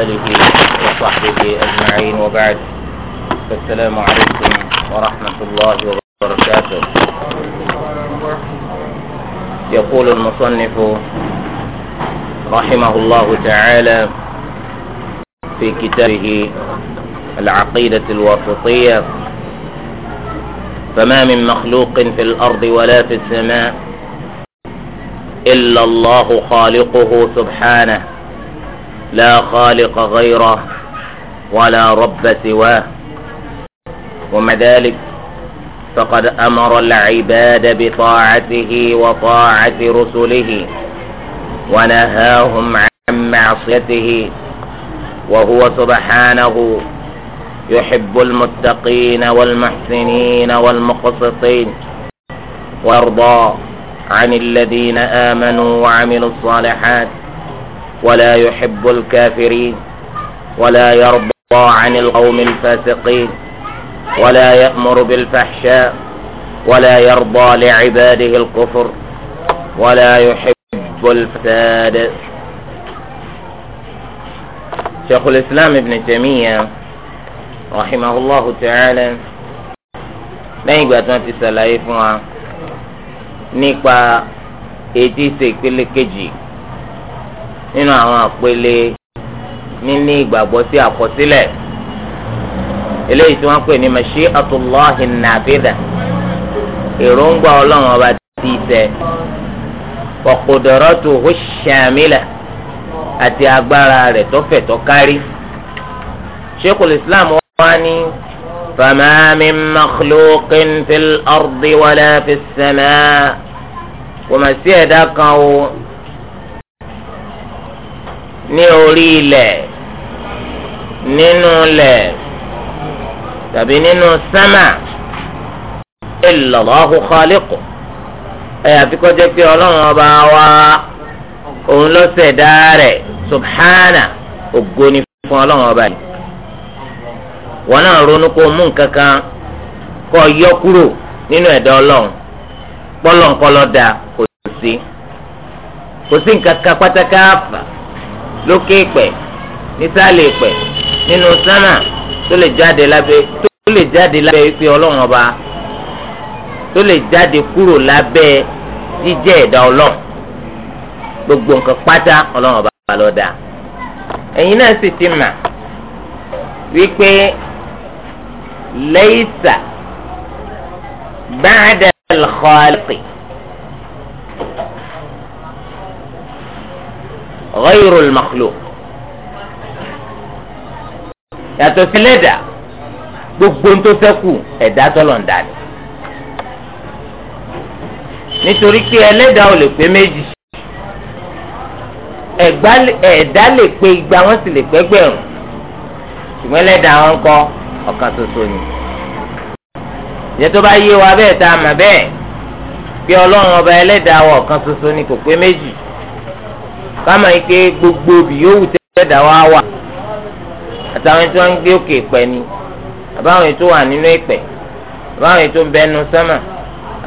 آله وصحبه أجمعين وبعد فالسلام عليكم ورحمة الله وبركاته يقول المصنف رحمه الله تعالى في كتابه العقيدة الواسطية فما من مخلوق في الأرض ولا في السماء إلا الله خالقه سبحانه لا خالق غيره ولا رب سواه ومع ذلك فقد أمر العباد بطاعته وطاعة رسله ونهاهم عن معصيته وهو سبحانه يحب المتقين والمحسنين والمقسطين ويرضى عن الذين آمنوا وعملوا الصالحات ولا يحب الكافرين ولا يرضى عن القوم الفاسقين ولا يأمر بالفحشاء ولا يرضى لعباده الكفر ولا يحب الفساد شيخ الإسلام ابن تيمية رحمه الله تعالى ما يقوى ti ṣàlàyé fún wa nínú àwọn àpẹẹlẹ níní ìgbàgbọ́ sí àkọsílẹ̀ eléyìí tí wọ́n pè ní mashi'atullahi nabida èròǹgbà ọlọ́run ọba ti ṣẹ wa qudratuhu shamila àti agbára rẹ̀ tọ́fẹ̀ tọ́kárí sheikhul islam wá ní fama min makhluqin fil ardi wala fis samaa kò mà sí ẹ̀dá kan o ní orí ilẹ̀ nínú ilẹ̀ tàbí nínú sámà illallahu khaliqu ẹ̀ àfi kó jẹ́ pé ọlọ́run ọba wa òun ló ṣẹ̀dá rẹ̀ subhana ògo ni fún ọlọ́run ọba yìí wọn náà ronú kó mú nǹkan kan kó yọ kúrò nínú ẹ̀dá ọlọ́run pọ́lọ́nkọ́lọ́ da kò sí kò sí nǹkan kan pátákáfà lókè ìpẹ nísàlẹ̀ ìpẹ nínú sánà tó lè jáde lábẹ́ tó lè jáde lábẹ́ ìpè Ọlọ́run ọba tó lè jáde kúrò lábẹ́ jíjẹ́ ẹ̀dá Ọlọ́run gbogbo nǹkan pátá Ọlọ́run ọba ló dá ẹ̀yin náà sì ti mà wípé lẹ́yìísà ba'da al-khaliqi. ghayrul makhluq yàtọ̀ sí lẹ́dà gbogbo tó sẹ́kù ẹ̀dá tọ́lọ̀ ń dání nítorí pé ẹlẹ́dà ò lè pé méjì ẹ̀dá lè pé igba wọ́n sì lè pé gbẹ̀rún ṣùgbọ́n ẹlẹ́dà wọn kọ́ ọ̀kan ṣoṣo ni ìyẹn tó bá yé wa bẹ́ẹ̀ tá a mọ̀ bẹ́ẹ̀ pé ọlọ́run ọba ẹlẹ́dà wọn ọ̀kan ṣoṣo ni kò pé méjì káma yìí pé gbogbo òbí yóò wù tẹ́tẹ́dá wá wà àtàwọn tí wọ́n ń gbé òkè pẹ̀ ni àbáwọn ètò wà nínú ìpẹ̀ àbáwọn ètò ń bẹ ẹnu sánmà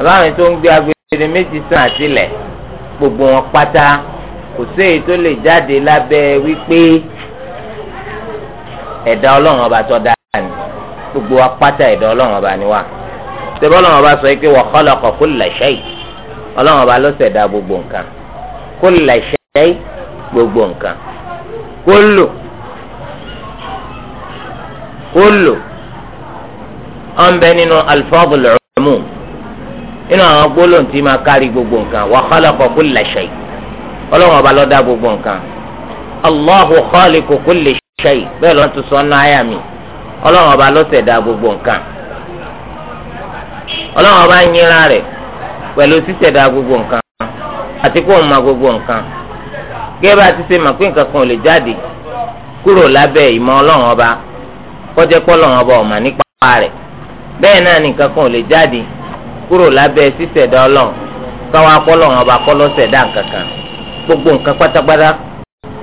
àbáwọn ètò ń gbé agbèrè méjì sàn àtìlẹ̀ gbogbo wọn pátá kò séyìí tó lè jáde lábẹ́ wípé ẹ̀dá ọlọ́run ọba tó dáa ni gbogbo wa pátá ẹ̀dá ọlọ́run ọba ni wa tẹ́bọ́ ọlọ́run ọba sọ pé wa khalaqa kulla shay ọlọ́run ọba ló ṣẹ̀dá gbogbo nǹkan kulla shay ẹyí gbogbo nǹkan kólò kólò ọ̀nbẹ nínú alifábùlù umum nínú àwọn gbólóhùn tí máa kárí gbogbo nǹkan wa khalaqa kulla shay ọlọ́run ọba ló dá gbogbo nǹkan allahu khaliqu kulli shay bẹ́ẹ̀ lọ́n tún sọ ọ́nà àyà mi ọlọ́run ọba ló ṣẹ̀dá gbogbo nǹkan ọlọ́run ọba ń yínra rẹ̀ pẹ̀lú ṣíṣẹ̀dá gbogbo nǹkan àti kó ma gbogbo nǹkan gẹ́gẹ́ bá a ti ṣe mọ̀ pé nǹkan kan ò lè jáde kúrò lábẹ́ ìmọ̀ ọlọ́run ọba kọjá pọ́ ọlọ́run ọba ọ̀mà nípa rẹ̀ bẹ́ẹ̀ náà nǹkan kan ò lè jáde kúrò lábẹ́ ṣíṣẹ̀dá ọlọ́run káwọn apọ́ ọlọ́run ọba kọ́ lọ́sẹ̀dá nǹkan kan gbogbo nǹkan pátápátá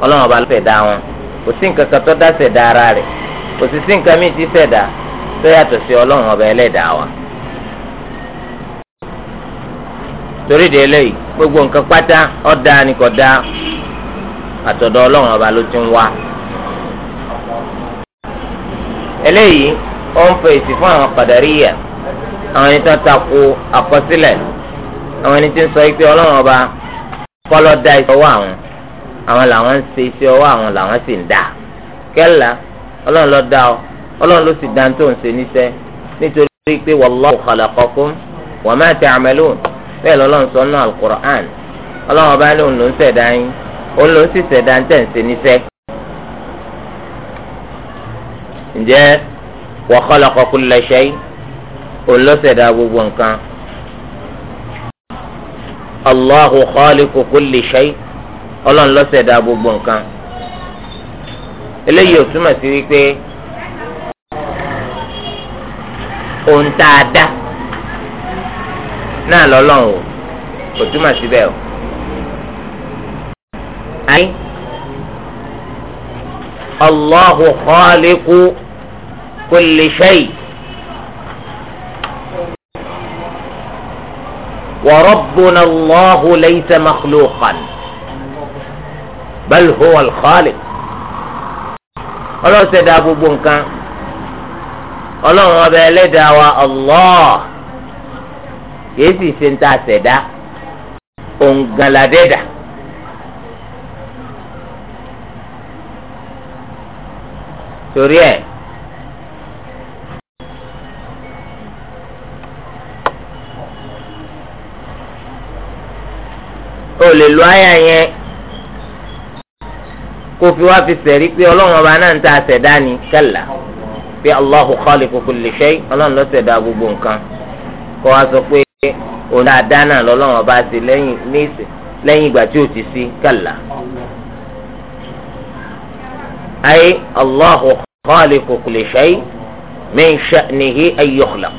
ọlọ́run ọba lọ́sẹ̀dá wọn kò sí nǹkan kan tó dá ṣẹ̀dá ara rẹ̀ kò sì sí nǹkan míì tí ṣẹ̀dá tó yàtọ̀ sí ọlọ́run ọba ẹlẹ́dàá wa. torí de gbogbo nǹkan pátá ọ̀dà ni kò dáa àtọ̀dọ̀ ọlọ́run ọba ló ti ń wá. eléyìí ó ń fèsì fún àwọn kàdàríyà àwọn ẹni tó tako àkọsílẹ̀ àwọn ẹni tí ń sọ pé ọlọ́run ọba kọ́lọ́ dá iṣẹ́ ọwọ́ àwọn àwọn làwọn ń ṣe iṣẹ́ ọwọ́ àwọn làwọn sì ń dà kẹ́là ọlọ́run ló dá ọ ọlọ́run ló sì dá tó ń ṣe níṣẹ́ nítorí pé wallahu khalaqakum wa ma ta'malun bẹ́ẹ̀ lọ́lọ́run sọ náà al ó lọ sí ṣẹ̀dá ń tẹ̀sí níṣẹ́. ǹjẹ́ wa khalaqa kulla shay ó lọ ṣẹ̀dá gbogbo nǹkan. Allahu khaliqu kulli shay ọlọ́run ló ṣẹ̀dá gbogbo nǹkan. eléyìí ò túmọ̀ sí wípé ohun tá a dá náà lọ́lọ́run ò túmọ̀ síbẹ̀ o. أي الله خالق كل شيء وربنا الله ليس مخلوقا بل هو الخالق ọlọ́run ṣẹ̀dá gbogbo nǹkan ọlọ́run ọba ẹlẹ́dàá wa allah kìí ṣe ń ta ṣẹ̀dá òǹgànládẹ́dàá. torí ẹ̀ o lè lo àyà yẹn kó fi wá fi sẹ̀rí pé ọlọ́run ọba náà ń ta àṣẹ̀dá ni kẹ́là pé lè shay ọlọ́run gbogbo nǹkan kó wá sọ pé òun dáadáa náà lọ́lọ́run ọba ṣe lẹ́yìn ìgbà tí ò ti sí kẹ́là. أي الله خالق كل شيء من شأنه أن يخلق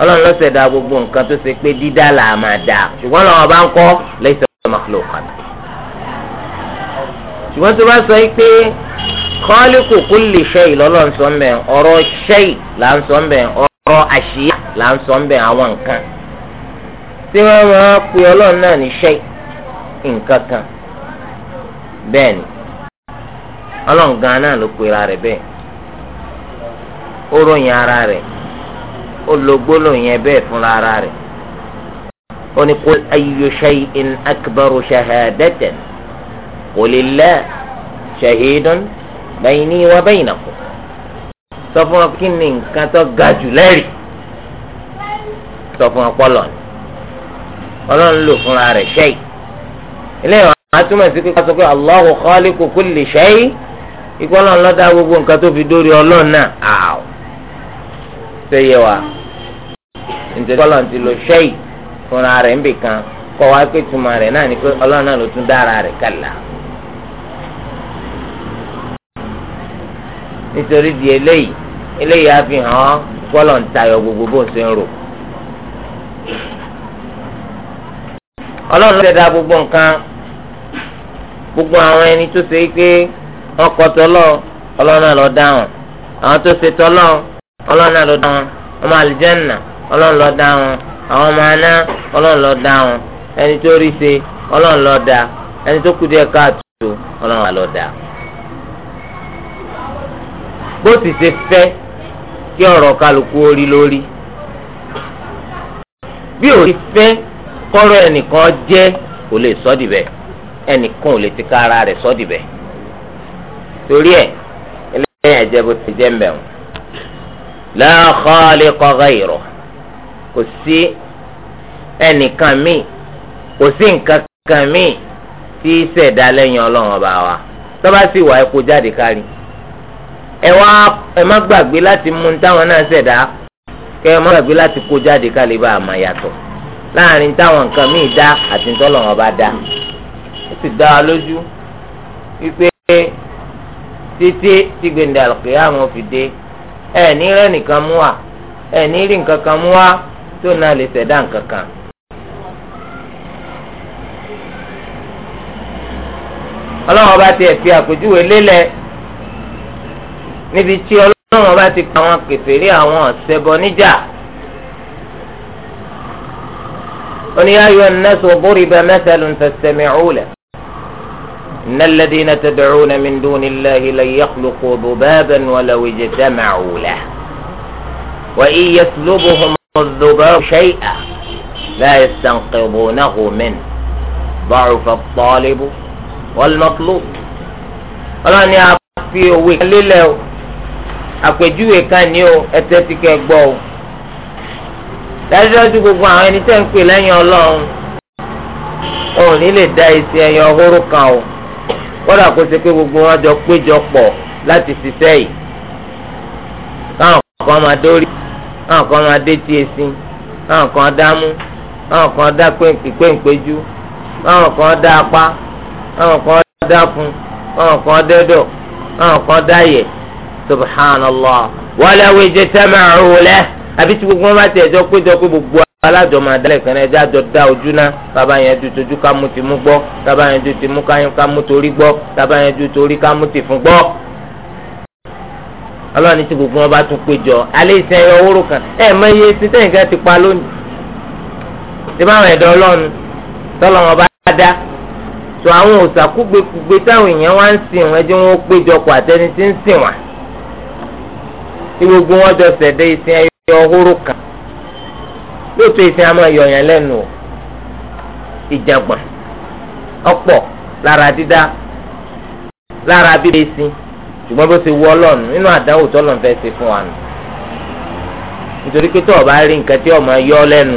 ọlọ́run ló ṣẹ̀dá gbogbo nǹkan tó ṣe pé dídá là á máa dáa ṣùgbọ́n lọ́wọ́ bá ń kọ́ laysa makhluqan ṣùgbọ́n tó bá sọ yìí pé khaliqu kulli shay lọ́lọ́ ń sọ ń bẹ̀ ọ̀rọ̀ shay là ń sọ ń bẹ̀ ọ̀rọ̀ àṣìyá là ń sọ ń bẹ̀ àwọn nǹkan tí wọ́n máa pe ọlọ́run náà ní shay nǹkan kan bẹ́ẹ̀ ni ọlọ́run gan náà ló pera rẹ̀ bẹ́ẹ̀ ó ròyìn ara rẹ̀ ó lo gbólóhùn yẹn bẹ́ẹ̀ fúnra ara rẹ̀ ó ní kul ayyu shay'in akbaru shahadatan qulillah shahidun bayni wa baynakum sọ fún wọn kí ni nǹkan tó ga jù lẹ́rìí sọ fún wọn pọ́lọ̀ ni ọlọ́run lò fúnra rẹ̀ ṣẹ́yì ilé ìwọ̀n àtúmọ̀ sí pé ká sọ pé ìgbọ́lọ́ ńlọ́dá gbogbo nǹkan tó fi dórí ọlọ́run náà àwọ̀ ṣe wa nítorí ọlọ́run ti ṣẹ́yì fúnra rẹ̀ kan kọ́ wa pé tuma rẹ̀ náà ni pé ọlọ́run náà ló tún dára rẹ̀ kàlà. nítorí di fi hàn án gbogbo bó ń ṣe ń rò. ọlọ́run ló gbogbo nǹkan gbogbo àwọn ẹni tó ṣe ọkọ̀ tọ́lọ́ ọlọ́run náà lọ dá wọn àwọn tó ṣe tọ́lọ́ ọlọ́run náà lọ dá wọn ọmọ àlìjẹ́nà ọlọ́run lọ dá wọn àwọn ọmọ aná ọlọ́run lọ dá wọn ẹni tó rí ṣe ọlọ́run lọ dá ẹni tó kù díẹ̀ káàtó ọlọ́run lọ dá. bó ti ṣe fẹ́ kí ọ̀rọ̀ kálukú orí lórí bí ò ti fẹ́ kọ́rọ̀ ẹnìkan jẹ́ kò lè sọ́dìbẹ̀ ẹnìkan ò lè ti ká ara rẹ̀ sọ́dìbẹ̀. So torí ẹ̀ eléyìí ẹ̀jẹ̀ bó ti jẹ́ mbẹ̀wò la khaliqa ghayru kò sí ẹnìkan míì kò sí nǹkan kan míì tí ṣẹ̀dá lẹ́yìn ọlọ́run ọba wa tọ́ba sì wà ẹ̀kọ́ jáde kárí ẹ wá ẹ má gbàgbé láti mú táwọn náà ṣẹ̀dá kẹ́ ẹ má gbàgbé láti kó jáde kárí bá a máa yàtọ̀ láàrin táwọn nǹkan míì dá àti tọ́lọ́run ọba dá ó sì dá wa lójú wípé títí tí gbèǹdà àlùkìyàmù fi dé ẹ ní rẹ nìkan mú wa ẹ ní rí nǹkan kan mú wa tó náà lè ṣẹ̀dá nǹkan kan. ọlọ́run ọba ti ẹ̀fí àpèjúwe lélẹ̀ níbi tí ọlọ́run ọba ti pa àwọn kèfèrí àwọn ọ̀sẹ̀bọ níjà. oníyàyò ẹ̀nẹ́sọ̀ bórí bẹ́ẹ̀ mẹ́tẹ́lù ń tẹ̀sẹ̀mí ọ̀húnlẹ̀. إن الذين تدعون من دون الله لن يخلقوا ذبابا ولو اجتمعوا له وإن يسلبهم الذباب شيئا لا يستنقضونه منه ضعف الطالب والمطلوب ọlọ́ni àfi òwe kan lélẹ̀ o àpèjúwe kan ní o ẹtẹ́ ti kẹ́ gbọ́ o dájúdájú gbogbo àwọn ẹni tẹ́ ń pè lẹ́yìn ọlọ́run òun ní lè dá èsì ẹ̀yàn ọhóró kan o kódà kó ṣe pé gbogbo wọn jọ péjọ pọ̀ láti ṣiṣẹ́ yìí káwọn kan máa dórí káwọn kan máa dé tí esin káwọn kan dámú káwọn kan dá pèǹpéjú káwọn kan dá apá káwọn kan dá fun káwọn kan dẹ́dọ̀ káwọn kan dá yẹ̀ subhanallah wala wajtama'u lahu àbí tí gbogbo wọn bá tiẹ̀ jọ péjọ pé gbogbo alájọ máa dálẹ̀ kan ẹjẹ́ àjọ dá ojú ná bàbá yẹn ju tojú ká mú ti mú gbọ́ bàbá yẹn ju ti mú ká mú torí gbọ́ bàbá yẹn ju torí ká mú ti fún gbọ́. ọlọ́run ní tí gbogbo wọn bá tún péjọ alẹ́ ìsìn ẹ̀yọ owóró kan ẹ̀ mọ iye tí sẹ́yìn kan ti pa lónìí. ti bá ẹ̀dọ́ ọlọ́run tọ́lọ́ wọn bá dá tó àwọn òsàkúgbèkúgbè táwọn èèyàn wá ń sìn wọn ẹjẹ́ wọn ó péjọ pọ̀ àtẹni lóòótọ́ ìsìn àmọ́ ìyọ̀yàn lẹ́nu o ìjàngbọ̀n ọ̀pọ̀ lára dídá lára bíbẹ̀ ìsìn ṣùgbọ́n bó ti wọ ọlọ́run nínú àdánwò tọ́lọ́run fẹ́ ṣe fún wa nù nítorí pé tó o bá rí nǹkan tí ọmọ yọ lẹ́nu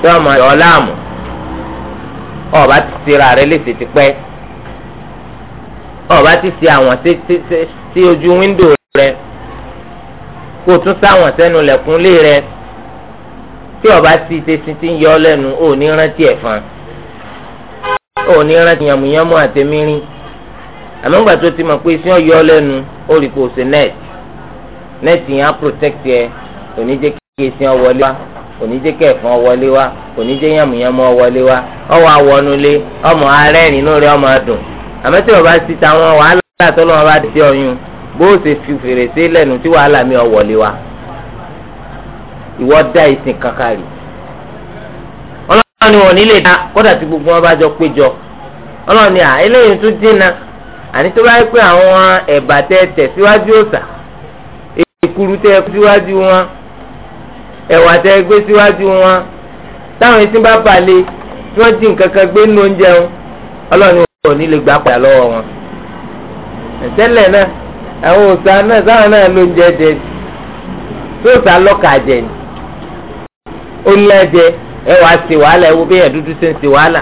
tí ọmọ yọ láàmú ọba ti ṣera rẹ léṣe ti pẹ́ ọba ti ṣe àwọn sí ojú wíńdò rẹ kó o tún sáwọn sẹ́nu lẹ̀kúnlé rẹ tí ọba ti tẹsí ti ń yọ lẹ́nu ò ní rántí ẹ̀fọn ò ní rántí yàmùyàmù àtẹmírín àmọ́ tó ti mọ̀ pé sí ọ̀yọ́ lẹ́nu ó rí kò sí net net yẹn á protect ẹ kò ní jẹ́ kí esi ọ wọlé wá kò ní jẹ́ kí ẹ̀fọn wọlé wá kò ní jẹ́ yàmùyàmù ọ wọlé wá ọwọ́ àwọnulé ọmọ arẹ́rìn inú rẹ ọmọ adùn àmọ́ tí ọba ti ta àwọn wàhálà tó lọ́wọ́ bá ti ọyún bó o ṣe fi fèrèsé lẹ́nu tí wàhálà mi ọ wọlé ìwọ dá ìsìn kankan rì ọlọ́run ni wọn nílé dá kódà tí gbogbo wọn bá jọ péjọ ọlọ́run ni à eléyìí tún dínà àní tó bá yẹ pé àwọn ẹ̀bà tẹ tẹ̀ síwájú òòsà èkuru tẹ síwájú wọn ẹ̀wà tẹ gbé síwájú wọn táwọn etí bá balẹ̀ tí wọ́n dín nǹkan kan gbé nínú oúnjẹ wọn ọlọ́run ni wọn ò ní lè gbà padà lọ́wọ́ wọn tẹ́lẹ̀ náà àwọn òòsà náà sáwọn náà ló ń jẹ jẹ tí òòsà lọ́kà jẹ ni. ó lẹ́jẹ̀ ẹ wàá ṣe wàhálà ẹ wo bí dúdú ṣe ń wàhálà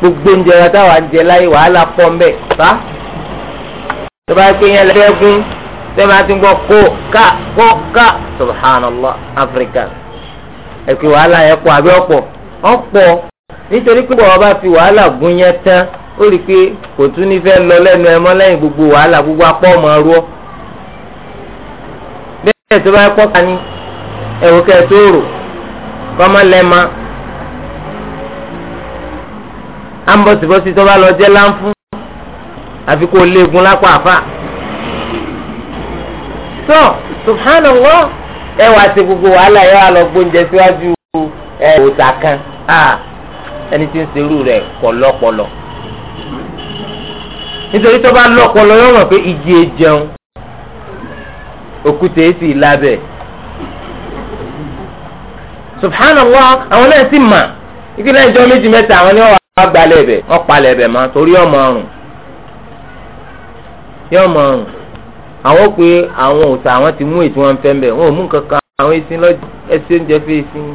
gbogbo oúnjẹ wa táwa ń jẹ láyé wàhálà pọ̀ ń bẹ̀ fa tó bá pé yẹn lẹ́gbẹ́ tẹ́ máa ti gbọ́ kó ká kó ká subhanallah africa ẹ pé wàhálà yẹn pọ̀ àbí ọ̀pọ̀ ọ̀pọ̀ nítorí pé bọ̀wọ́ bá fi wàhálà yẹn tán ó rí i pé kò tún ní fẹ́ lọ lẹ́nu ẹ mọ́ lẹ́yìn gbogbo wàhálà gbogbo apọ̀ ọmọ rú ọ ẹ̀wò kẹ́ẹ̀tó rò kọ́mọ lẹ́ẹ̀ma ambọ̀sibọ́sí tó bá lọ jẹ́ láǹfù àfi kó léegun lápá àfà tó subhanallah ẹ wá sí gbogbo wàhálà yẹ wà lọ gbóúnjẹ síwájú ẹ òòtà kan ẹni tí ń serú rẹ̀ pọ̀lọ́pọ̀lọ́ nítorí tó bá lọ́pọlọ yóò mọ̀ pé ìjì èjẹun òkúta èsì lábẹ́ subhanallah àwọn náà sì mà ìpínlẹ̀ ìjọ méjì mẹ́ta àwọn ni wọ́n wá gbalẹ̀ ẹ̀bẹ̀ wọ́n palẹ̀ ẹ̀bẹ̀ mọ́ torí ọmọ ọrùn yọ ọmọ ọrùn àwọn pé àwọn òòṣà àwọn ti mú ètò wọn fẹ́ mbẹ̀ wọn ò mú kankan àwọn ẹṣin lọ ẹṣin oúnjẹ fẹ́ ẹṣin.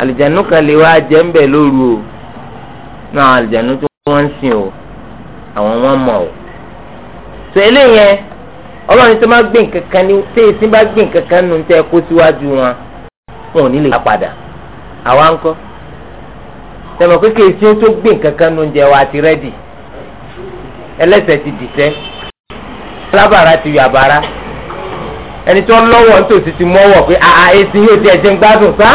àlìjánu kan lè wá jẹ́ mbẹ̀ lóru o náà àlìjánu tó wọ́n ń sìn o àwọn wọn mọ̀ o. sọ eléyẹn ọlọ́run tó máa gbé nǹkan kan ní tí èsì bá gbé nǹkan kan nù tẹ́ kó síwájú wọn wọn ò ní lè padà àwa ń kọ́ tẹ̀mọ̀ pé kéèsì ó tó gbé nǹkan kan nù jẹ́ wa ti rẹ́dì ẹlẹ́sẹ̀ ti dìtẹ́ alábàárà ti yọ àbára ẹni tó lọ́wọ́ nítòsí ti mọ́wọ́ pé àà èsì yóò di ẹ̀jẹ̀ ń gbádùn sá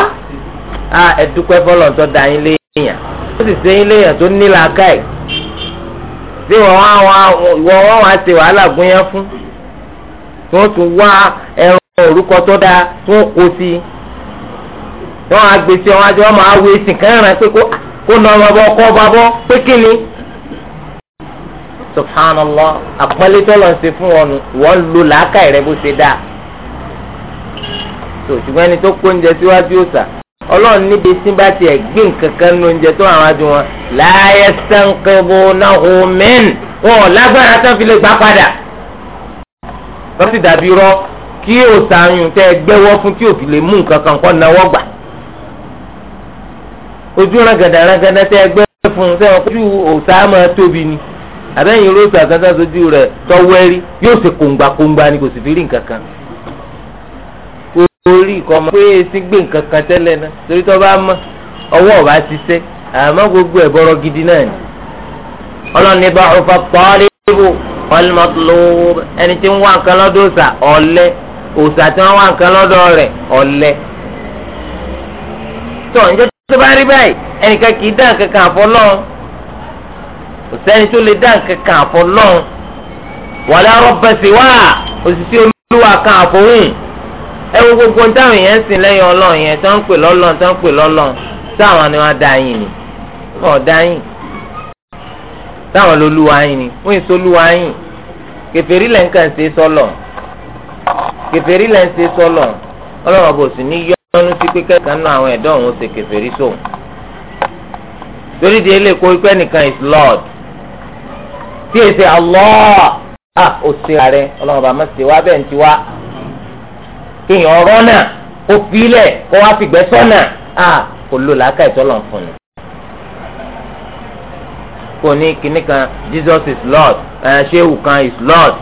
à ẹ̀dúpẹ́ bọ́lọ̀ da yín léèyàn ó sì ṣe léèyàn tó nílà káì tí wọ́n wá wọ́n wá ṣe wàhálà gúnyán fún tí wọ́n tún wá ẹran orúkọ tó dáa tí wọ́n kó sí i tí wọ́n á gbé sí wọn àti wọ́n máa wo èsì kan rẹ̀ pé kó nà ọmọ bọ́ kọ́ ọba bọ́ pé kí ni. subhanallah àpọ́nlé tó lọ sí fún wọn wọ́n lo làákàyè rẹ̀ bó ṣe dáa. tó ṣùgbọ́n ẹni tó kó oúnjẹ síwájú òòsà ọlọ́run níbi tí tiẹ̀ gbé nǹkan nu oúnjẹ tó àwọn adùn wọn láyé sànkébó náà omen wọn lágbára tán fi lè gbá padà wọ́n sì dàbí rọ kí òsàyùn tẹ́ gbẹ́wọ́ fún tí òfin lè mú nǹkan kan kọ́ náwọ́ gbà ojú rangada rangada tẹ́ gbẹ́ fún sẹ́wọ̀n kójú òsà máa tóbi ni àbẹ́yìn róòtù àgàtà sojú rẹ̀ tọ́wẹ́rí yóò ṣe kóńgbà kóńgbà ni kò sì fi rí nǹkan kan orí nǹkan ọmọ pé èsì gbé nǹkan kan tẹ́lẹ̀ náà torí tó bá mọ ọwọ́ ọ̀bá ṣiṣẹ́ àmọ́ gbogbo ẹ̀ gidi náà ni ọlọ́ni walmatlub ẹni tí ń wá nǹkan lọ́dọ̀ òòṣà ọ̀lẹ òòṣà tí wọ́n wá nǹkan lọ́dọ̀ rẹ̀ ọ̀lẹ. tó ǹjẹ́ tó bá rí báyìí ẹnìkan kì í dá nǹkan kan àfọ lọ́hùn kò sẹ́ni tó lè dá nǹkan kan àfọ lọ́hùn wala rabba siwa òṣìṣẹ́ olúwa kan àfọ̀hún ẹ wo gbogbo táwọn èèyàn ń sìn lẹ́yìn ọlọ́run yẹn tó ń pè lọ́lọ́run tó ń pè lọ́lọ́run táwọn ni wọ́n dá yín ni wọ́n dá yín táwọn lolúwa yín ni wọ́n èso olúwa kèfèrí lẹ́ ń kàn ṣe sọ́lọ̀ kèfèrí lẹ́ ń ṣe sọ́lọ̀ ọlọ́run ọ̀bọ̀ sì ní yọ́nú sí pé kẹ́kàn náà àwọn ẹ̀dọ́ òun ṣe kèfèrí sóun torí di ilé kó ipẹ́ nìkan is lord tí e ṣe Allah ah ò ṣe ààrẹ ọlọ́run ọba má ṣe wá bẹ́ẹ̀ ń ti wá kéèyàn ọ̀rọ̀ náà ó fi ilẹ̀ kó wá fìgbẹ́ sọ́nà a kò lò lákàtúntò lọ́n fún un kò ní kinní kan Jesus is Lord ṣéwù kan is Lord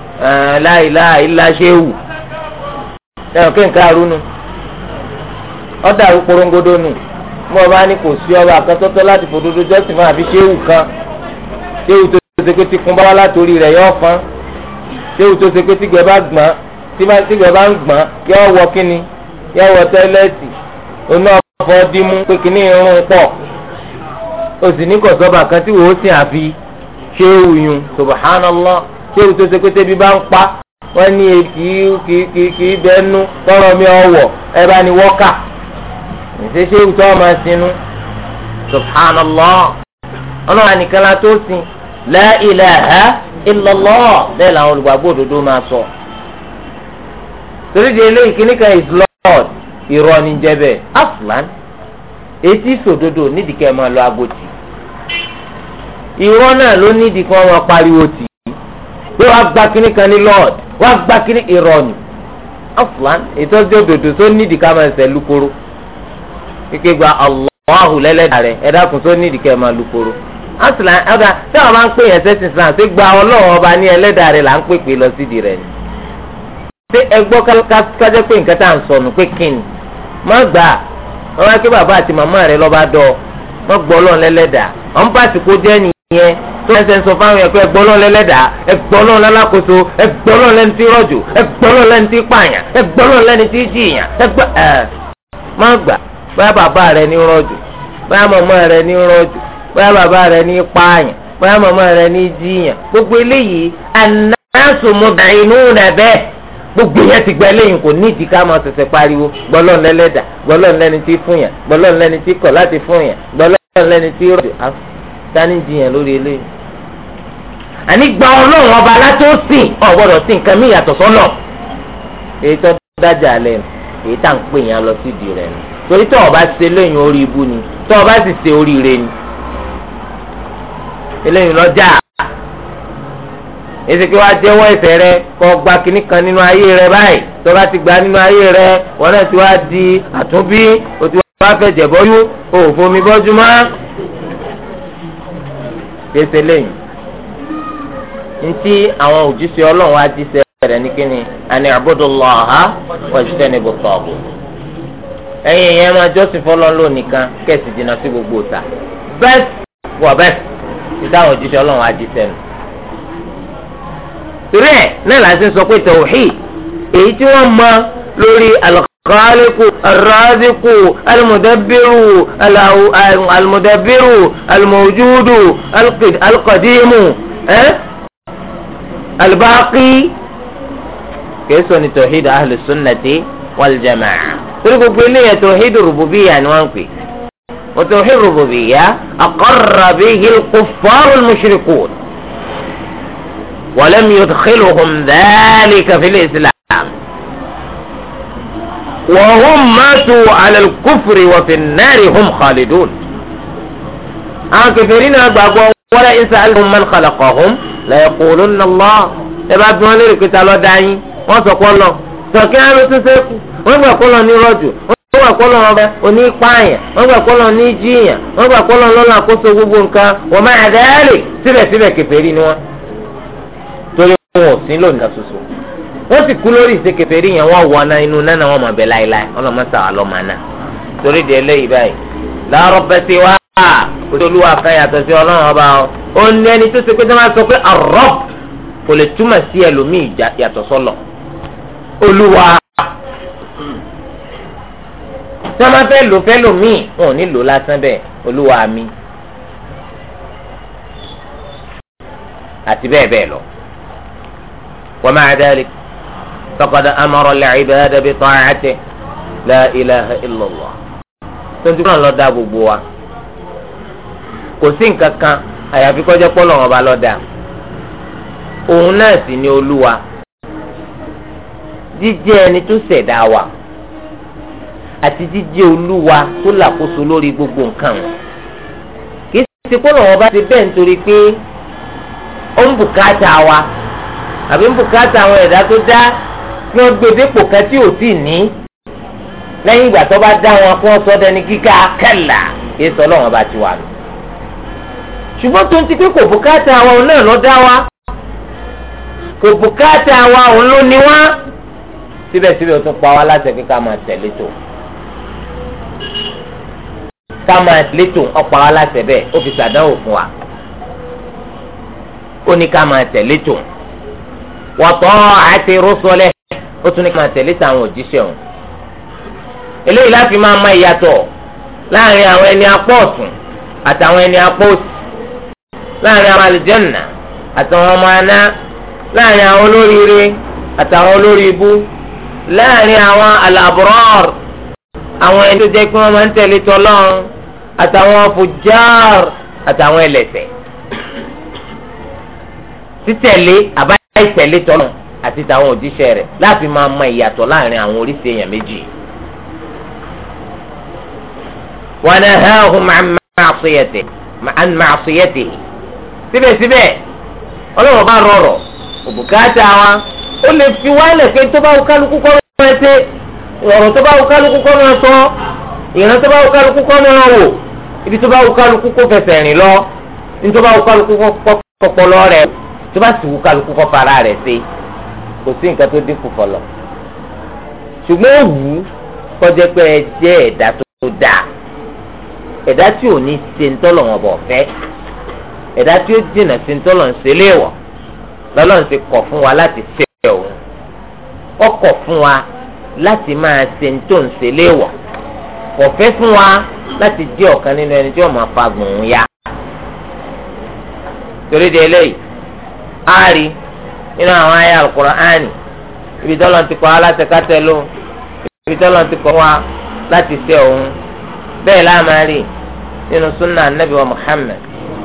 láìláì ilá ṣéwù ẹ̀rọ kí n ká arúnú ọ̀dà àrùkporongodo nù mú ọba ní kò sí ọba àkọsọ́tọ́ láti fòdodo jọ́sìn fún àbí ṣéwù kan ṣéwù tó ṣe pé tí kún bá wá látòrí rẹ̀ yọ fán ṣéwù tó ṣe pé tí gbẹ bá gbọ́n tí gbẹ bá ń gbọ́n yọ wọ kíni yọ wọ tẹ́lẹ̀tì oná ọ̀fọ̀ dímú pé kíní irun pọ̀ o sì ní kọ̀sọ́bà kan tí wòó sìn àfi ṣéwù yun subhanallah ṣéwù tó ṣe pé tẹ́bí bá ń pa wọ́n ní e kì í kì í kì í kì í bẹ́ẹ̀nu kọ́rọ̀ mi ọ̀wọ̀ ẹ bá ní wọ́kà ṣe ṣéwù tó máa sinú subhanallah ọlọ́run ànìkan la tó sìn la ilaha illallah bẹ́ẹ̀ làwọn olùgbàgbọ́ òdodo máa sọ. torí di eléyìí kíní kan is lord ìrọ̀ ni jẹ́ bẹ́ẹ̀ aflan etí sòdodo nídìí kẹ́ ẹ máa lọ agotì. ìwọ náà ló nídìí kí wọ́n máa pariwo tì í pé wàá gba kan ní lord wàá gba kínní ìrọ̀nù afulan ìtọ́jú òdòdó tó nídìí ká máa ṣe lukoro kíkẹ́ gba Allahu lẹ́lẹ́dà rẹ̀ ẹ dákun tó nídìí máa lukoro asùlá ọ̀dà tí wọ́n máa ń pè Islam ṣé gba ọlọ́wọ́ ọba ní ẹlẹ́dà rẹ̀ là ń pè pé lọ sídìí rẹ̀ ni ṣé kájẹ́ pé nǹkan tá yẹn tó ẹsẹ̀ ń sọ fáwọn yẹn pé ẹgbọ́lọ́ lẹ́lẹ́dàá ẹgbọ́lọ́ lálákòóso ẹgbọ́lọ́ lẹ́ni tí rọ̀jò ẹgbọ́lọ́ lẹ́ni tí pààyàn ẹgbọ́lọ́ lẹ́ni tí jìyàn ẹgbọ́ ẹ̀ má gbà bóyá bàbá rẹ ní rọ̀jò bóyá màmá rẹ ní rọ̀jò bóyá bàbá rẹ ní pààyàn bóyá màmá rẹ ní jìyàn gbogbo eléyìí anásùmùdà inú rẹ bẹ́ẹ̀ gbogbo yẹn ti gba eléyìí kò ní ìdí ká máa ṣẹ̀ṣẹ̀ pariwo gbọ́lọ́ lẹ́lẹ́dà gbọ́lọ́ lẹ́ni tí fún yàn gbọ́lọ́ lẹ́ni tí kọ̀ láti fún yàn gbọ́lọ́ lẹ́ni tí rọ̀jò tani jiyàn lórí eléyìí àní gba ọlọ́run ọba láti ó sìn ọ gbọ́dọ̀ sìn nǹkan mí ìyàtọ̀ sọ́nà èyí tó dájà alẹ́ èyí tá à ń pè yẹn lọ sídi rẹ̀ ni torí tó ọba ṣe lẹ́yìn orí ibu ni tó ọba sì ṣe oríire ni eléyìí lọ́jà èsì kí wàá jẹ́wọ́ ẹ̀ṣẹ̀ rẹ kọ́ gba kínní kan nínú ayé rẹ báyìí tó bá ti gba nínú ayé rẹ wọn náà ti wá di àtúnbí o ti wá fẹ̀jẹ̀ bọ́yú o ò fomi bọ́jú mọ́. kése lẹ́yìn ntí àwọn òjíṣẹ́ Ọlọ́run á ti ṣe ní kíni àní abudullaha wajtanibu taghut ẹ̀yin ìyẹn máa jọ́sìn fọlọ́n nìkan kẹ̀sì dìnnà sí gbogbo òta bẹ́ẹ̀ wọ̀ bẹ́ẹ̀ títí àwọn òjíṣẹ́ Ọlọ́run á ti ṣe torí ẹ̀ náà láti sọ pé tauhid èyí tí wọ́n لوري الخالق الرازق المدبر المدبر الموجود القديم الباقي كيسو توحيد أهل السنة والجماعة تلقوا كلية توحيد ربوبية نوانكي يعني وتوحيد ربوبية أقر به الكفار المشركون ولم يدخلهم ذلك في الإسلام وهم ماتوا على الكفر وفي النار هم خالدون àwọn kèfèrí ولا gbàgbọ́ wala من خلقهم لا يقولون الله yaqulunna Allah ẹ bá bí wọ́n lè rìkìtà lọ dá yín wọ́n sọ pé lọ sọ̀kí á ló tún sẹ́kù wọ́n gbà kó lọ ní rọ́jù wọ́n gbà kó lọ ọbẹ̀ oní pààyàn wọ́n gbà kó lọ ní jíyàn wọ́n gbà kó lọ lọ́lọ́ àkóso gbogbo nǹkan wọ́n máa dá yà lè síbẹ̀síbẹ̀ ni wọ́n torí wọn ò sí lónìí wọ́n sì kú lórí ìsekèfèrí yẹn wọ́n wọ ọ̀nà inú náà wọ́n mọ̀ bẹ́ẹ̀ láéláé ọlọ́mọṣà àlọ́mọ́nà torí di eléyìí báyìí láàárọ̀ bẹ́sẹ̀ wá olúwa kan yàtọ̀ sí ọlọ́run ọba o ó ní ẹni tó ṣe pé tó máa sọ pé ọ̀rọ̀ kò lè túmọ̀ sí ẹlòmíì yàtọ̀ sọ́lọ̀ olúwa tí wọ́n máa fẹ́ lò fẹ́ lòmíì wọn ò ní lò lásán bẹ́ẹ̀ olúwa mi àti bẹ́ẹ̀ bẹ́ẹ̀ lọ wọ́n máa dá ẹ lẹ́kọ̀ọ́. فقد أمر العباد بطاعته لا إله إلا الله tontu náà ló dá gbogbo wa kò sí nǹkan kan àyàfi kọjá pọlọ ọba ló dá òun náà sì ni olúwa jíjẹ́ ẹni tó ṣẹ̀dá wa àti jíjẹ́ olúwa tó làkóso lórí gbogbo nǹkan wọn kì í ṣe pọlọ ọba ti bẹ́ẹ̀ nítorí pé ó ń bùkátà wa àbí ń bùkátà àwọn ẹ̀dá tó dá kí wọ́n gbé dépò kan tí ò tí ì ní lẹ́yìn ìgbà tó bá dá wọn kí wọ́n sọ dẹni gíga kẹlà èyí sọ lọ́wọ́n bá ti wà lọ. ṣùgbọ́n tó ń ti pé kò bùkátà wa òun náà lọ dá wa kò bùkátà wa òun ló ní wá síbẹ̀síbẹ̀ ó tún pa wá láti ẹ̀kí ká máa tẹ̀lé tó ká máa tẹ̀lé tó ọ̀pá wá láti ẹ̀ ó fi ṣàdánwò fún wa ó ní ká máa tẹ̀lé tó wọ́n tọ́ àti rúṣọlẹ̀ ó tún ní kí máa tẹ̀lé tàwọn òjíṣẹ́ òun eléyìí láti máa ma ìyàtọ̀ láàrin àwọn ẹni apọ̀ ọ̀tún àtàwọn ẹni apọ̀ òsì láàrin àwọn àlùjànnà àtàwọn ọmọ aná láàrin àwọn olóríire àtàwọn olórí ibú láàrin àwọn àlàbùrọ́ọ̀r àwọn ẹni tó jẹ́ pé wọ́n máa ń tẹ̀lé tọ́lọ́run àtàwọn fùjáàr àtàwọn ẹlẹ́ṣẹ̀ títẹ̀lé àbáyé ìtẹ̀lé tọ́lọ́run àti tàwọn òjíṣẹ́ rẹ̀ láti máa mọ ìyàtọ̀ láàrin àwọn oríṣi èèyàn méjì. wa nahahum an ma'siyatihi an ma'siyatihi síbẹ̀síbẹ̀ ọlọ́run bá rọrọ̀ òbúkátà wa ó lè fi wáyé pé tó bá wù kálukú kọ́ ló ń ṣe ọ̀rọ̀ tó bá wù kálukú kọ́ ló sọ ìran tó bá wù kálukú kọ́ ló wò ibi tó bá wù kálukú kó fẹsẹ̀ rìn lọ ní tó bá wù kálukú kọ́ pọpọlọ rẹ̀ tó bá sì wù kálukú kọ́ fara rẹ̀ ṣe kò sí nǹkan tó dínkù fọlọ ṣùgbọ́n ó wù ú kọjá pé ẹ jẹ́ ẹ̀dá tó dáa ẹ̀dá tí ò ní ṣe ń tọ́lọ̀ wọn bọ̀ fẹ́ ẹ̀dá tí ó jìnà sí ń tọ́lọ̀ ń ṣe léèwọ̀ lọ́lọ́run ti kọ̀ fún wa láti ṣe òun ó kọ̀ fún wa láti máa ṣe ń tó ń ṣe léèwọ̀ kọ̀ fẹ́ fún wa láti jẹ́ ọ̀kan nínú ẹni tí ó máa fagbọ̀n ya torí de eléyìí á rí nínú àwọn ayé alukur'ani ibi tọ́lọ̀ ti kọ́ aláṣẹ kátẹ́ ló ibi tọ́lọ̀ ti kọ́ wa láti ṣe òun bẹ́ẹ̀ láàmárì nínú sunna anabi wa muhammed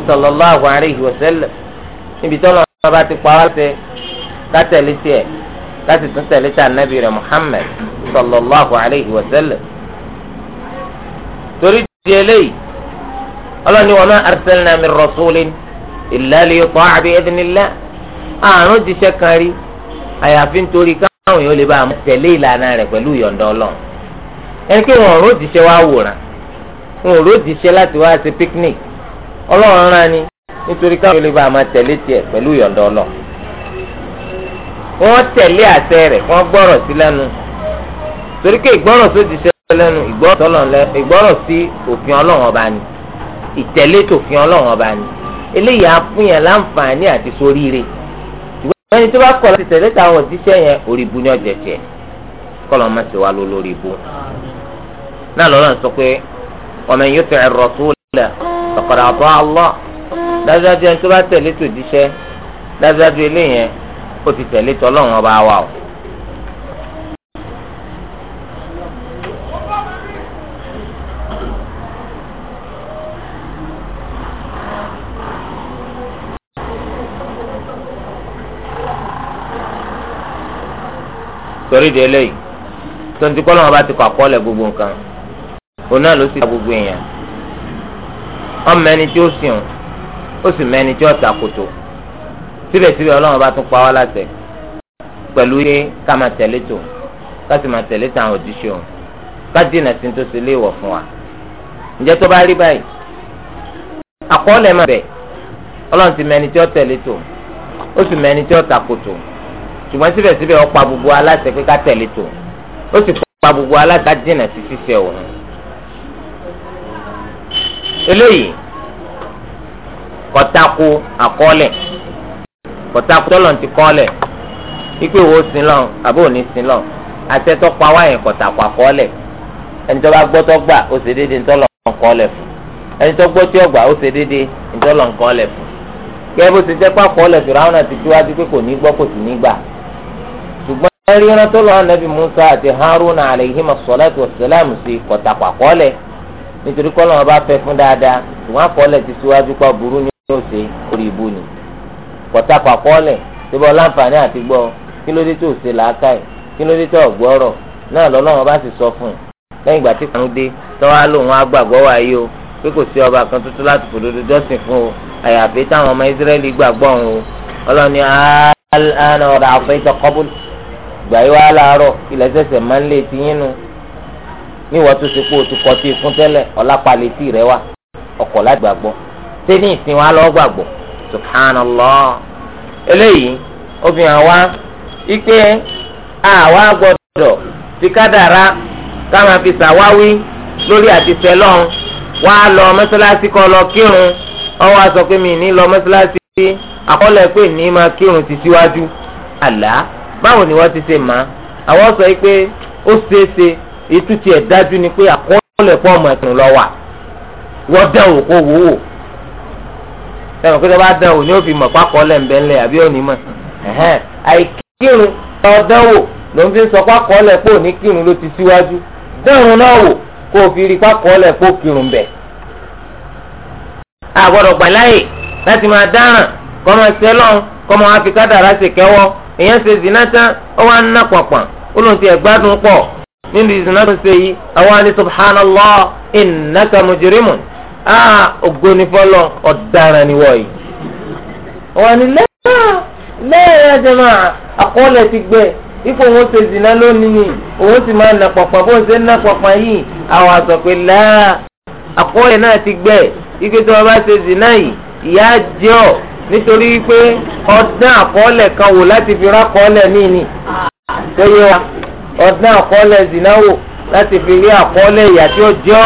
sallallahu alayhi wa sallam ibi tọ́lọ̀ bá ti kọ́ aláṣẹ kátẹ́ lé tiẹ̀ láti tún tẹ̀lé tí anabi rẹ̀ muhammed sallallahu alayhi wa sallam torí di eléyìí ọlọ́ni wa ma arsalna min rasulin illa liyuta'a bi idhnillah àrùn jíṣẹ́ kan rí àyàfi nítorí káwọn èèyàn lè bá àmọ́ tẹ̀lé ìlànà rẹ̀ pẹ̀lú ìyọ̀ǹda ọlọ́run ẹni pé wọn ò rò jíṣẹ́ wá wòran wọn ò rò jíṣẹ́ láti wá ṣe picnic ọlọ́run rán ni nítorí káwọn èèyàn lè bá àmọ́ tẹ̀lé tiẹ̀ pẹ̀lú ìyọ̀ǹda ọlọ́run wọn tẹ̀lé àṣẹ rẹ̀ wọn gbọ́rọ̀ sí lẹ́nu torí pé ìgbọ́rọ̀ sójíṣẹ́ lẹ́nu ìgbọ́rọ̀ sí òfin ọlọ́run ọba ni ìtẹ̀lé tòfin ọlọ́run ọba ni eléyìí á fún yẹn láǹfààní àti ṣoríire ẹni tó bá kọ̀ láti tẹ̀lé táwọn òjíṣẹ́ yẹn orí ibu ní ọ̀jẹ̀ tiẹ̀ kọ́lọ́ má ti wá ló lórí ibu náà lọ́nà sọ pé ọmọ yìí tẹ̀ ẹ̀rọ tó lẹ̀ ọ̀kadà bá lọ dájúdájú ẹni tó bá tẹ̀lé tòjíṣẹ́ dájúdájú eléyẹn ó ti tẹ̀lé tọ́lọ́run ọba wa o. torí de eléyìí tonti kọ́ lọ́wọ́ bá ti kọ́ àkọọ́lẹ̀ gbogbo nǹkan òun náà ló sì ta gbogbo èèyàn ọmọ ẹni tí ó sìn ó sì mẹ́ni tí ó sàkóso síbẹ̀síbẹ̀ ọlọ́wọ́ bá tún pa wá láṣẹ pẹ̀lú yé ká máa tẹ̀lé tó ká sì máa tẹ̀lé tàn òjíṣẹ́ òun ká dènà sí tó ṣe léèwọ̀ fún wa ǹjẹ́ tó bá rí báyìí àkọọ́lẹ̀ máa bẹ̀ ọlọ́run ti mẹ́ni tí ó tẹ̀lé tó ó sì mẹ́ni tí ó sàkóso ṣùgbọ́n síbẹ̀síbẹ̀ ó pa gbogbo aláṣẹ pé ká tẹ̀lé tó ó sì pa gbogbo aláṣẹ ká jìnà sí ṣíṣe òun. eléyìí kọ́tàkù àkọọ́lẹ̀ kọ́tàkù tọ́lọ̀ ti kọ́ọ́lẹ̀ ikú ìwò sílọ̀ àbí òní sílọ̀ àṣẹ tó pa wáyé kọ́tàkù àkọọ́lẹ̀ ẹni tó bá gbọ́ tó gbà ó ṣe déédéé ntọ́lọ̀ nkọ́ọ́lẹ̀ fún ẹni tó gbọ́ tí ó gbà ó ṣe déédéé ntọ́lọ̀ nkọ́ọ́lẹ̀ fún kẹ́ẹ́ bó ṣe jẹ́ pàkọ́ọ́lẹ̀ fìràwọn àti tíwájú pé kò ní gbọ́ kò sì ní gbà ẹ̀rí ẹran tó lọ anabi musa àti haruna alayhima salatu wa salam sí kọ̀tàpà kọ́lẹ̀ nítorí kọ́ lọ́wọ́ bá fẹ́ fún dáadáa ṣùgbọ́n àkọọ́lẹ̀ ti síwájú pa burú ní yóò ṣe orí ibu ni kọ̀tàpà kọ́lẹ̀ tí bọ́ láǹfààní àti gbọ́ kí ló dé tó ṣe làákà ẹ̀ kí ló dé tó gbọ́rọ̀ náà lọ́lọ́wọ́ bá sì sọ fún un lẹ́yìn ìgbà tí gbà yí wá láàárọ̀ ilẹ̀ sẹ̀sẹ̀ máa ń lé ti yín nu ní ìwọ tó ṣe pé o ti kọ́ tí fún tẹ́lẹ̀ ọ̀lápalẹ̀ tí rẹ wá ọkọ̀ láti gbàgbọ́ ṣé ní ìsìn wa lọ́ọ́ gbàgbọ́ subhanallah eléyìí obìnrin wa ipe àwa gbọdọ̀ fi kádàrá ká máa fi ṣàwáwí lórí àti sẹlọ́n wá lọ mọ́sálásí kọ́ lọ kírun ọwọ́ a pé mi ní lọ mọ́sálásí àkọọ́lẹ̀ pé ní máa kírun ti síwájú àlá báwo ni wọ́n ti ṣe mọ̀ àwọn sọ pé ó ṣeéṣe ètò tiẹ̀ dájú ni pé àkọọ́lẹ̀ pọ̀ ọmọ ẹ̀sìn lọ wà wọ́n dẹ̀ wò kó wò wò sẹ́wọ̀n kí ló bá dẹ̀ wò ni ó fi mọ̀ pákọ́ọ́lẹ̀ ńbẹ́ ńlẹ̀ àbí òní mọ̀ àìkírun ọ̀dẹ́ wò ló ń fi sọ pákọ́ọ́lẹ̀ pò ní kírun ló ti síwájú dẹ́rùn náà wò kó o fi rí pákọ́ọ́lẹ̀ pò kírun bẹ̀. àgbọ̀dọ̀ gbàláyè láti máa dáràn kọ́ èèyàn ṣe zina tán ó wá ń ná pọ̀pọ̀ ndị lóun ti ẹ̀gbádùn pọ̀ nínú ìzìnà tó ṣe yìí àwọn ni subhanallah innaka mujrimun á ògo ni fọlọ ọ̀daràn ni wọ̀ yìí. àwọn ni lẹ́yìn lẹ́yìn ajẹ́mọ́ àkọọ́lẹ̀ ti gbẹ ipò òun ṣe zina lónìí ni òun sì máa ná pọ̀pọ̀ bóun ṣe ń ná yìí àwọn àṣọ pé láà náà ti gbẹ ike tí wọ́n bá ṣe zina yìí nítorí pé ọdún àkọọ́lẹ̀ kan wò láti fi rákọọ́lẹ̀ míì ni tó yé wa ọdún àkọọ́lẹ̀ zina wò láti fi rí àkọọ́lẹ̀ ìyá tí ó jọ́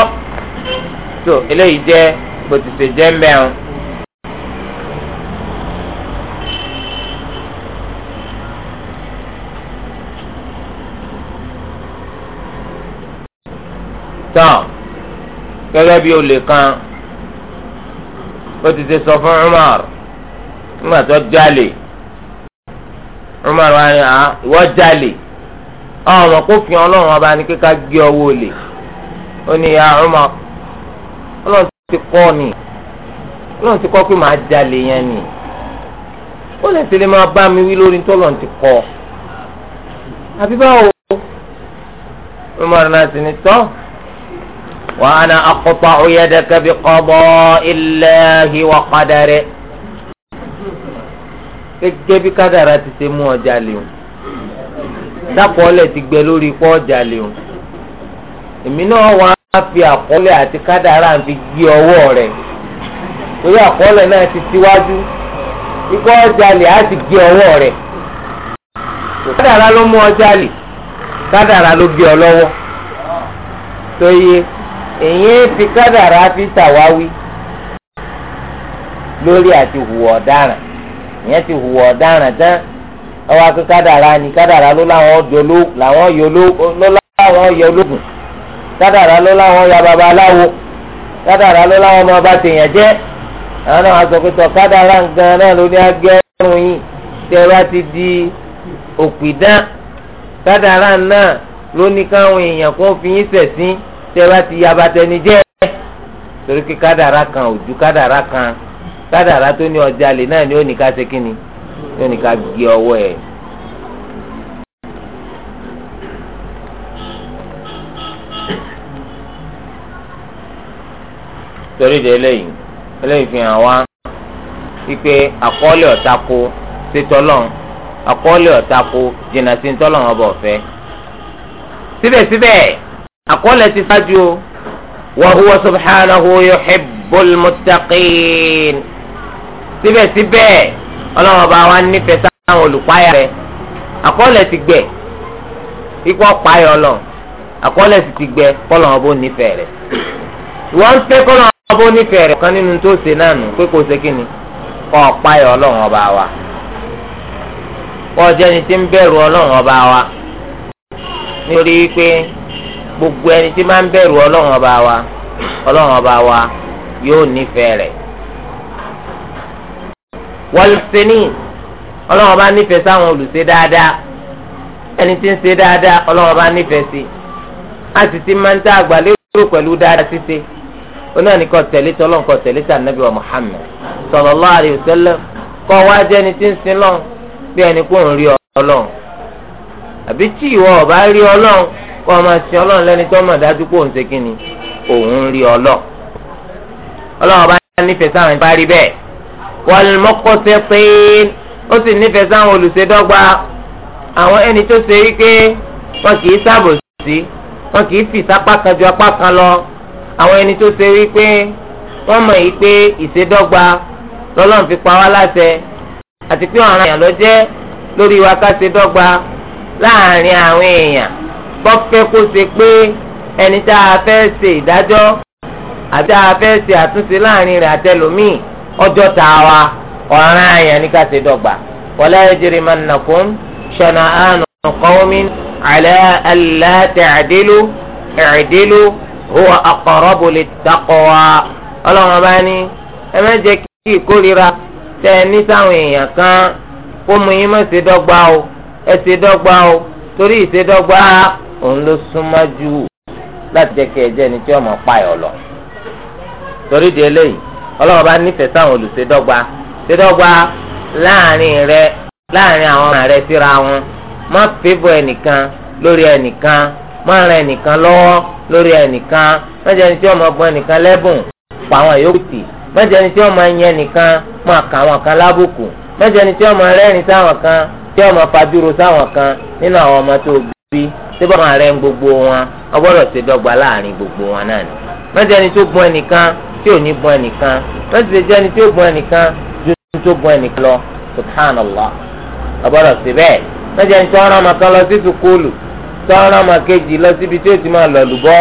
tó eléyìí jẹ́ bó jẹ́ mẹ́rin. tán gẹ́gẹ́ bí olè kan ó ti ṣe sọ fún Umar nígbà tó jalè Umar wa ni ah, ìwọ jalè ọmọ kó fi ọlọ́run ọba ní kíkà gé ọwọ́ olè ó ní ya Umar ọlọ́run ti kọ́ ni ọlọ́run ti kọ́ pé màá jalè yẹn ni ó lè tẹ̀lé máa bá mi wí lórí tọ́lọ́run ti kọ́ àbí báwo Umar náà sì ní tán. وأنا أقطع يدك بقضاء الله وقدره gẹ́gẹ́ bí kádàrá ti ṣe mú ọjà lẹ́hùn dákọọ́lẹ̀ ti gbẹ lórí ipò ọjà lẹ́hùn èmi náà wá fi àkọọ́lẹ̀ àti kádàrá fi gbé ọwọ́ rẹ̀ torí àkọọ́lẹ̀ náà ti síwájú ikọ́ ọjà lè á ti gbé ọwọ́ rẹ̀ kádàrá ló mú ọjà lè kádàrá ló gbé ọ lọ́wọ́ tó èyí fi kádàrá fi tàwáwí lórí àti hùwà ọ̀daràn ìyẹn ti hùwà ọ̀daràn tán ọwọ́ akẹ́ kádàrá ni kádàrá ló láwọn yọ ológun kádàrá ló láwọn ya babaláwo kádàrá ló láwọn ọmọ ọba tèèyàn jẹ́ àwọn náà wá sọ pé tọ kádàrá nǹkan náà ló ní agẹ́rùn yìí tẹ́ wá ti di òpìdán kádàrá náà ló ní káwọn èèyàn kó fi yín sẹ̀sìn tẹ́ wá ti yabatẹni jẹ́ torí pé kádàrá kan ò ju kan kádàrá tó ní ọjà lè náà ni ó ní ká ṣe kínni ó ní ká gé ọwọ́ ẹ̀. torí de eléyìí eléyìí fi hàn wá wípé àkọọ́lẹ̀ ọ̀tako ṣe tọ́lọ́n àkọọ́lẹ̀ ọ̀tako jìnnà sí tọ́lọ́n ọba ọ̀fẹ́. síbẹ̀síbẹ̀ àkọọ́lẹ̀ ti ṣáájú o wa huwa subhanahu yuhibbul síbẹ̀síbẹ̀ ọlọ́run ọba wa nífẹ̀ẹ́ sáwọn olùpáyà rẹ̀ àkọọ́lẹ̀ ti gbẹ̀ ikú ọ̀páyà ọlọ́run àkọọ́lẹ̀ sì ti gbẹ kọ́lọ́run ọba ó nífẹ̀ẹ́ rẹ̀ wọ́n ń fẹ́ kọ́lọ́run ọba ó nífẹ̀ẹ́ rẹ̀ kan nínú tó ṣe náà nù pé kò ṣe kí ni kọ́ ọ̀páyà ọlọ́run ọba wa kọ́ ọjọ́ ni ti ń bẹ̀rù ọlọ́run ọba wa nítorí pé gbogbo ẹni tí máa ń bẹ̀rù ọlọ́run ọba wa ọlọ́run ọba wa yóò nífẹ̀ẹ́ rẹ̀ wọlùsẹ́nì ọlọ́wọ́n bá nífẹ̀ẹ́ sáwọn olùṣe dáadáa ẹni tí ń ṣe dáadáa ọlọ́wọ́n bá nífẹ̀ẹ́ sí a sì ti máa ń tá àgbà lérò pẹ̀lú dáadáa ṣíṣe onáà ní kò tẹ̀lé tọ́lọ́n kò tẹ̀lé tà nàbí wa Muhammad sallallahu alaihi wasallam kọ́ wá jẹ́ ẹni tí ń sin lọ́n bí ẹni kò ń rí ọlọ́n àbí tí ìwọ ọ̀bá rí ọlọ́n kọ́ ọ sin ọlọ́n lẹ́ni tó mọ̀ dájú pé òun ṣe kí òun rí ọlọ́n ọlọ́wọ́n bá nífẹ̀ẹ́ sáwọn ìbá rí wal-muqsitin ó sì nífẹ̀ẹ́ sáwọn olùṣèdọ́gba àwọn ẹni tó ṣe wípé wọn kì í ṣàbòsí wọn kì í fi sápá kan ju apá kan lọ àwọn ẹni tó ṣe wípé wọ́n mọ̀ yìí pé ìṣèdọ́gba lọ́lọ́run fi pa wá láṣẹ àti pé ọ̀ràn èèyàn ló jẹ́ lórí wa ká ṣe dọ́gba láàrin àwọn èèyàn bọ́ fẹ́ kó ṣe pé ẹni tá a fẹ́ ṣe ìdájọ́ àti tá a fẹ́ ṣe àtúnṣe láàrin rẹ̀ àtẹlòmíì ọjọ́ tá a wa ọ̀ràn àyàn ní ká ṣe dọ́gba wala yajrimannakum shana'anu qawmin ala alla ta'dilu i'dilu huwa aqrabu lit-taqwa ọlọ́run ọba ní ẹ má jẹ́ kí ìkórira tẹ ní sáwọn èèyàn kan kó mu yín má ṣe dọ́gba o ẹ ṣe dọ́gba o torí ìṣedọ́gba òun ló súnmọ́ jù láti jẹ́ kí ẹ jẹ́ ẹni tí ọmọ pààyàn lọ torí di eléyìí ọlọ́run bá nífẹ̀ẹ́ sáwọn olùṣèdọ́gba ṣèdọ́gba láàrin rẹ láàrin àwọn ọmọ rẹ síra wọn má fẹ́bọ̀ ẹnìkan lórí ẹnìkan má ran ẹnìkan lọ́wọ́ lórí ẹnìkan má jẹ́ ẹni tí ọmọ ọgbọ́n ẹnìkan lẹ́bùn pa àwọn yòókù tì má jẹ́ ẹni tí ọmọ ẹyìn ẹnìkan má kà àwọn kan lábùkù má jẹ́ ẹni tí ọmọ rẹ́rìn sáwọn kan tí ọmọ fàdúró sáwọn kan nínú àwọn ọmọ tó gbé bí síbẹ̀ wọn rẹ̀ ń gbogbo wọn wọn gbọ́dọ̀ ṣe dọ́gba láàrin gbogbo wọn náà ni. mẹ́jẹ ni tó bọ́ ẹnìkan tí ò ní bọ́ ẹnìkan mẹ́jẹ ni tó bọ́ ẹnìkan ju tó bọ́ ẹnìkan lọ subhanallah wọn gbọ́dọ̀ ṣe bẹ́ẹ̀ mẹ́jẹ ni tọ́ran ọmọ kan lọ sí sukúlù tọ́ran ọmọ kejì lọ síbi tí ó ti máa lọ lùbọ́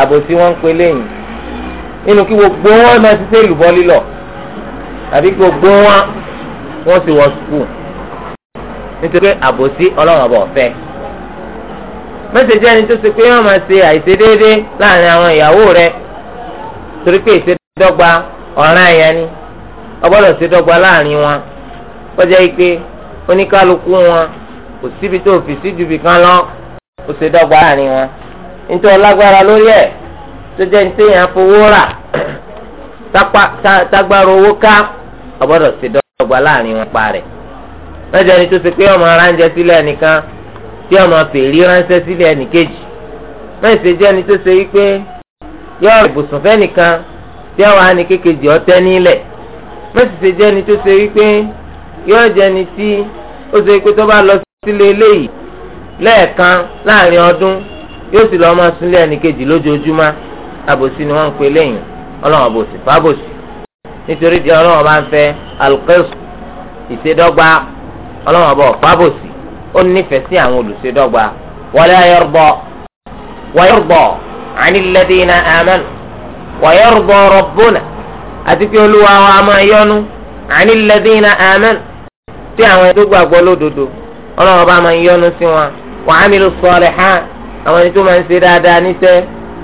àbòsí wọn ń pe lẹ́yìn nínú kí gbogbo wọn máa ti ṣe lùbọ́ lílọ̀ àbí gbogbo wọn wọ́n ti wọ sukúlù nítorí àbòsí ọlọ́run ọba ọ̀fẹ́ mẹsẹ̀jì ẹni tó ṣe pé wọ́n máa ṣe àìṣedéédé láàrin àwọn ìyàwó rẹ torí pé ìṣedọ́gba ọ̀ràn ẹ̀yà ni ọgbọ́dọ̀ ṣedọ́gba láàrin wọn kọjá yìí pé oníkálukú wọn kò síbi tó fi sí jùbì kan lọ kò ṣedọ́gba láàrin wọn nítorí ọlágbára lórí ẹ̀ tó jẹ́ ní téèyàn fowó rà tágbára owó ká ọgbọ́dọ̀ ṣedọ́gba láàrin wọn pa mẹjọ ni tó ṣe pé ọmọ aránjẹ sílẹ̀ nìkan tí ọmọ fèrí ránṣẹ́ sílẹ̀ nìkejì mẹsẹ jẹ ni tó ṣe wípé yọọ ibùsùn fẹnìkan tí ọwọ àni kékejì ọtẹ nílẹ̀ mẹsẹ jẹ ni tó ṣe wípé yọọ jẹ ni tí ó ṣe wípé tó bá lọ sílé eléyìí lẹ́ẹ̀kan láàrin ọdún yóò sì lọ máa súnlé ẹnìkejì lójoojúmọ́ àbòsí ni wọ́n ń pè lẹ́yìn Ọlọ́run àbòsí fábòsí ìṣèdọ́gba ọlọ́wọ́n bọ̀ fábòsì ó nífẹ̀ẹ́ sí àwọn olùṣèdọ́gba wọlé ayọ̀rọ̀bọ̀ wọ́yọ̀rọ̀bọ̀ ànilẹ́dínà àmánù wọ́yọ̀rọ̀bọ̀ rọ̀bùnà àti pé olúwa wa máa yọ́nú ànilẹ́dínà àmánù tí àwọn ẹni tó gbàgbọ́ lódodo ọlọ́wọ́n bá máa yọ́nú sí wọn wà á nílò sọ̀rẹ̀ hàn àwọn ẹni tó máa ń ṣe dáadáa níṣẹ́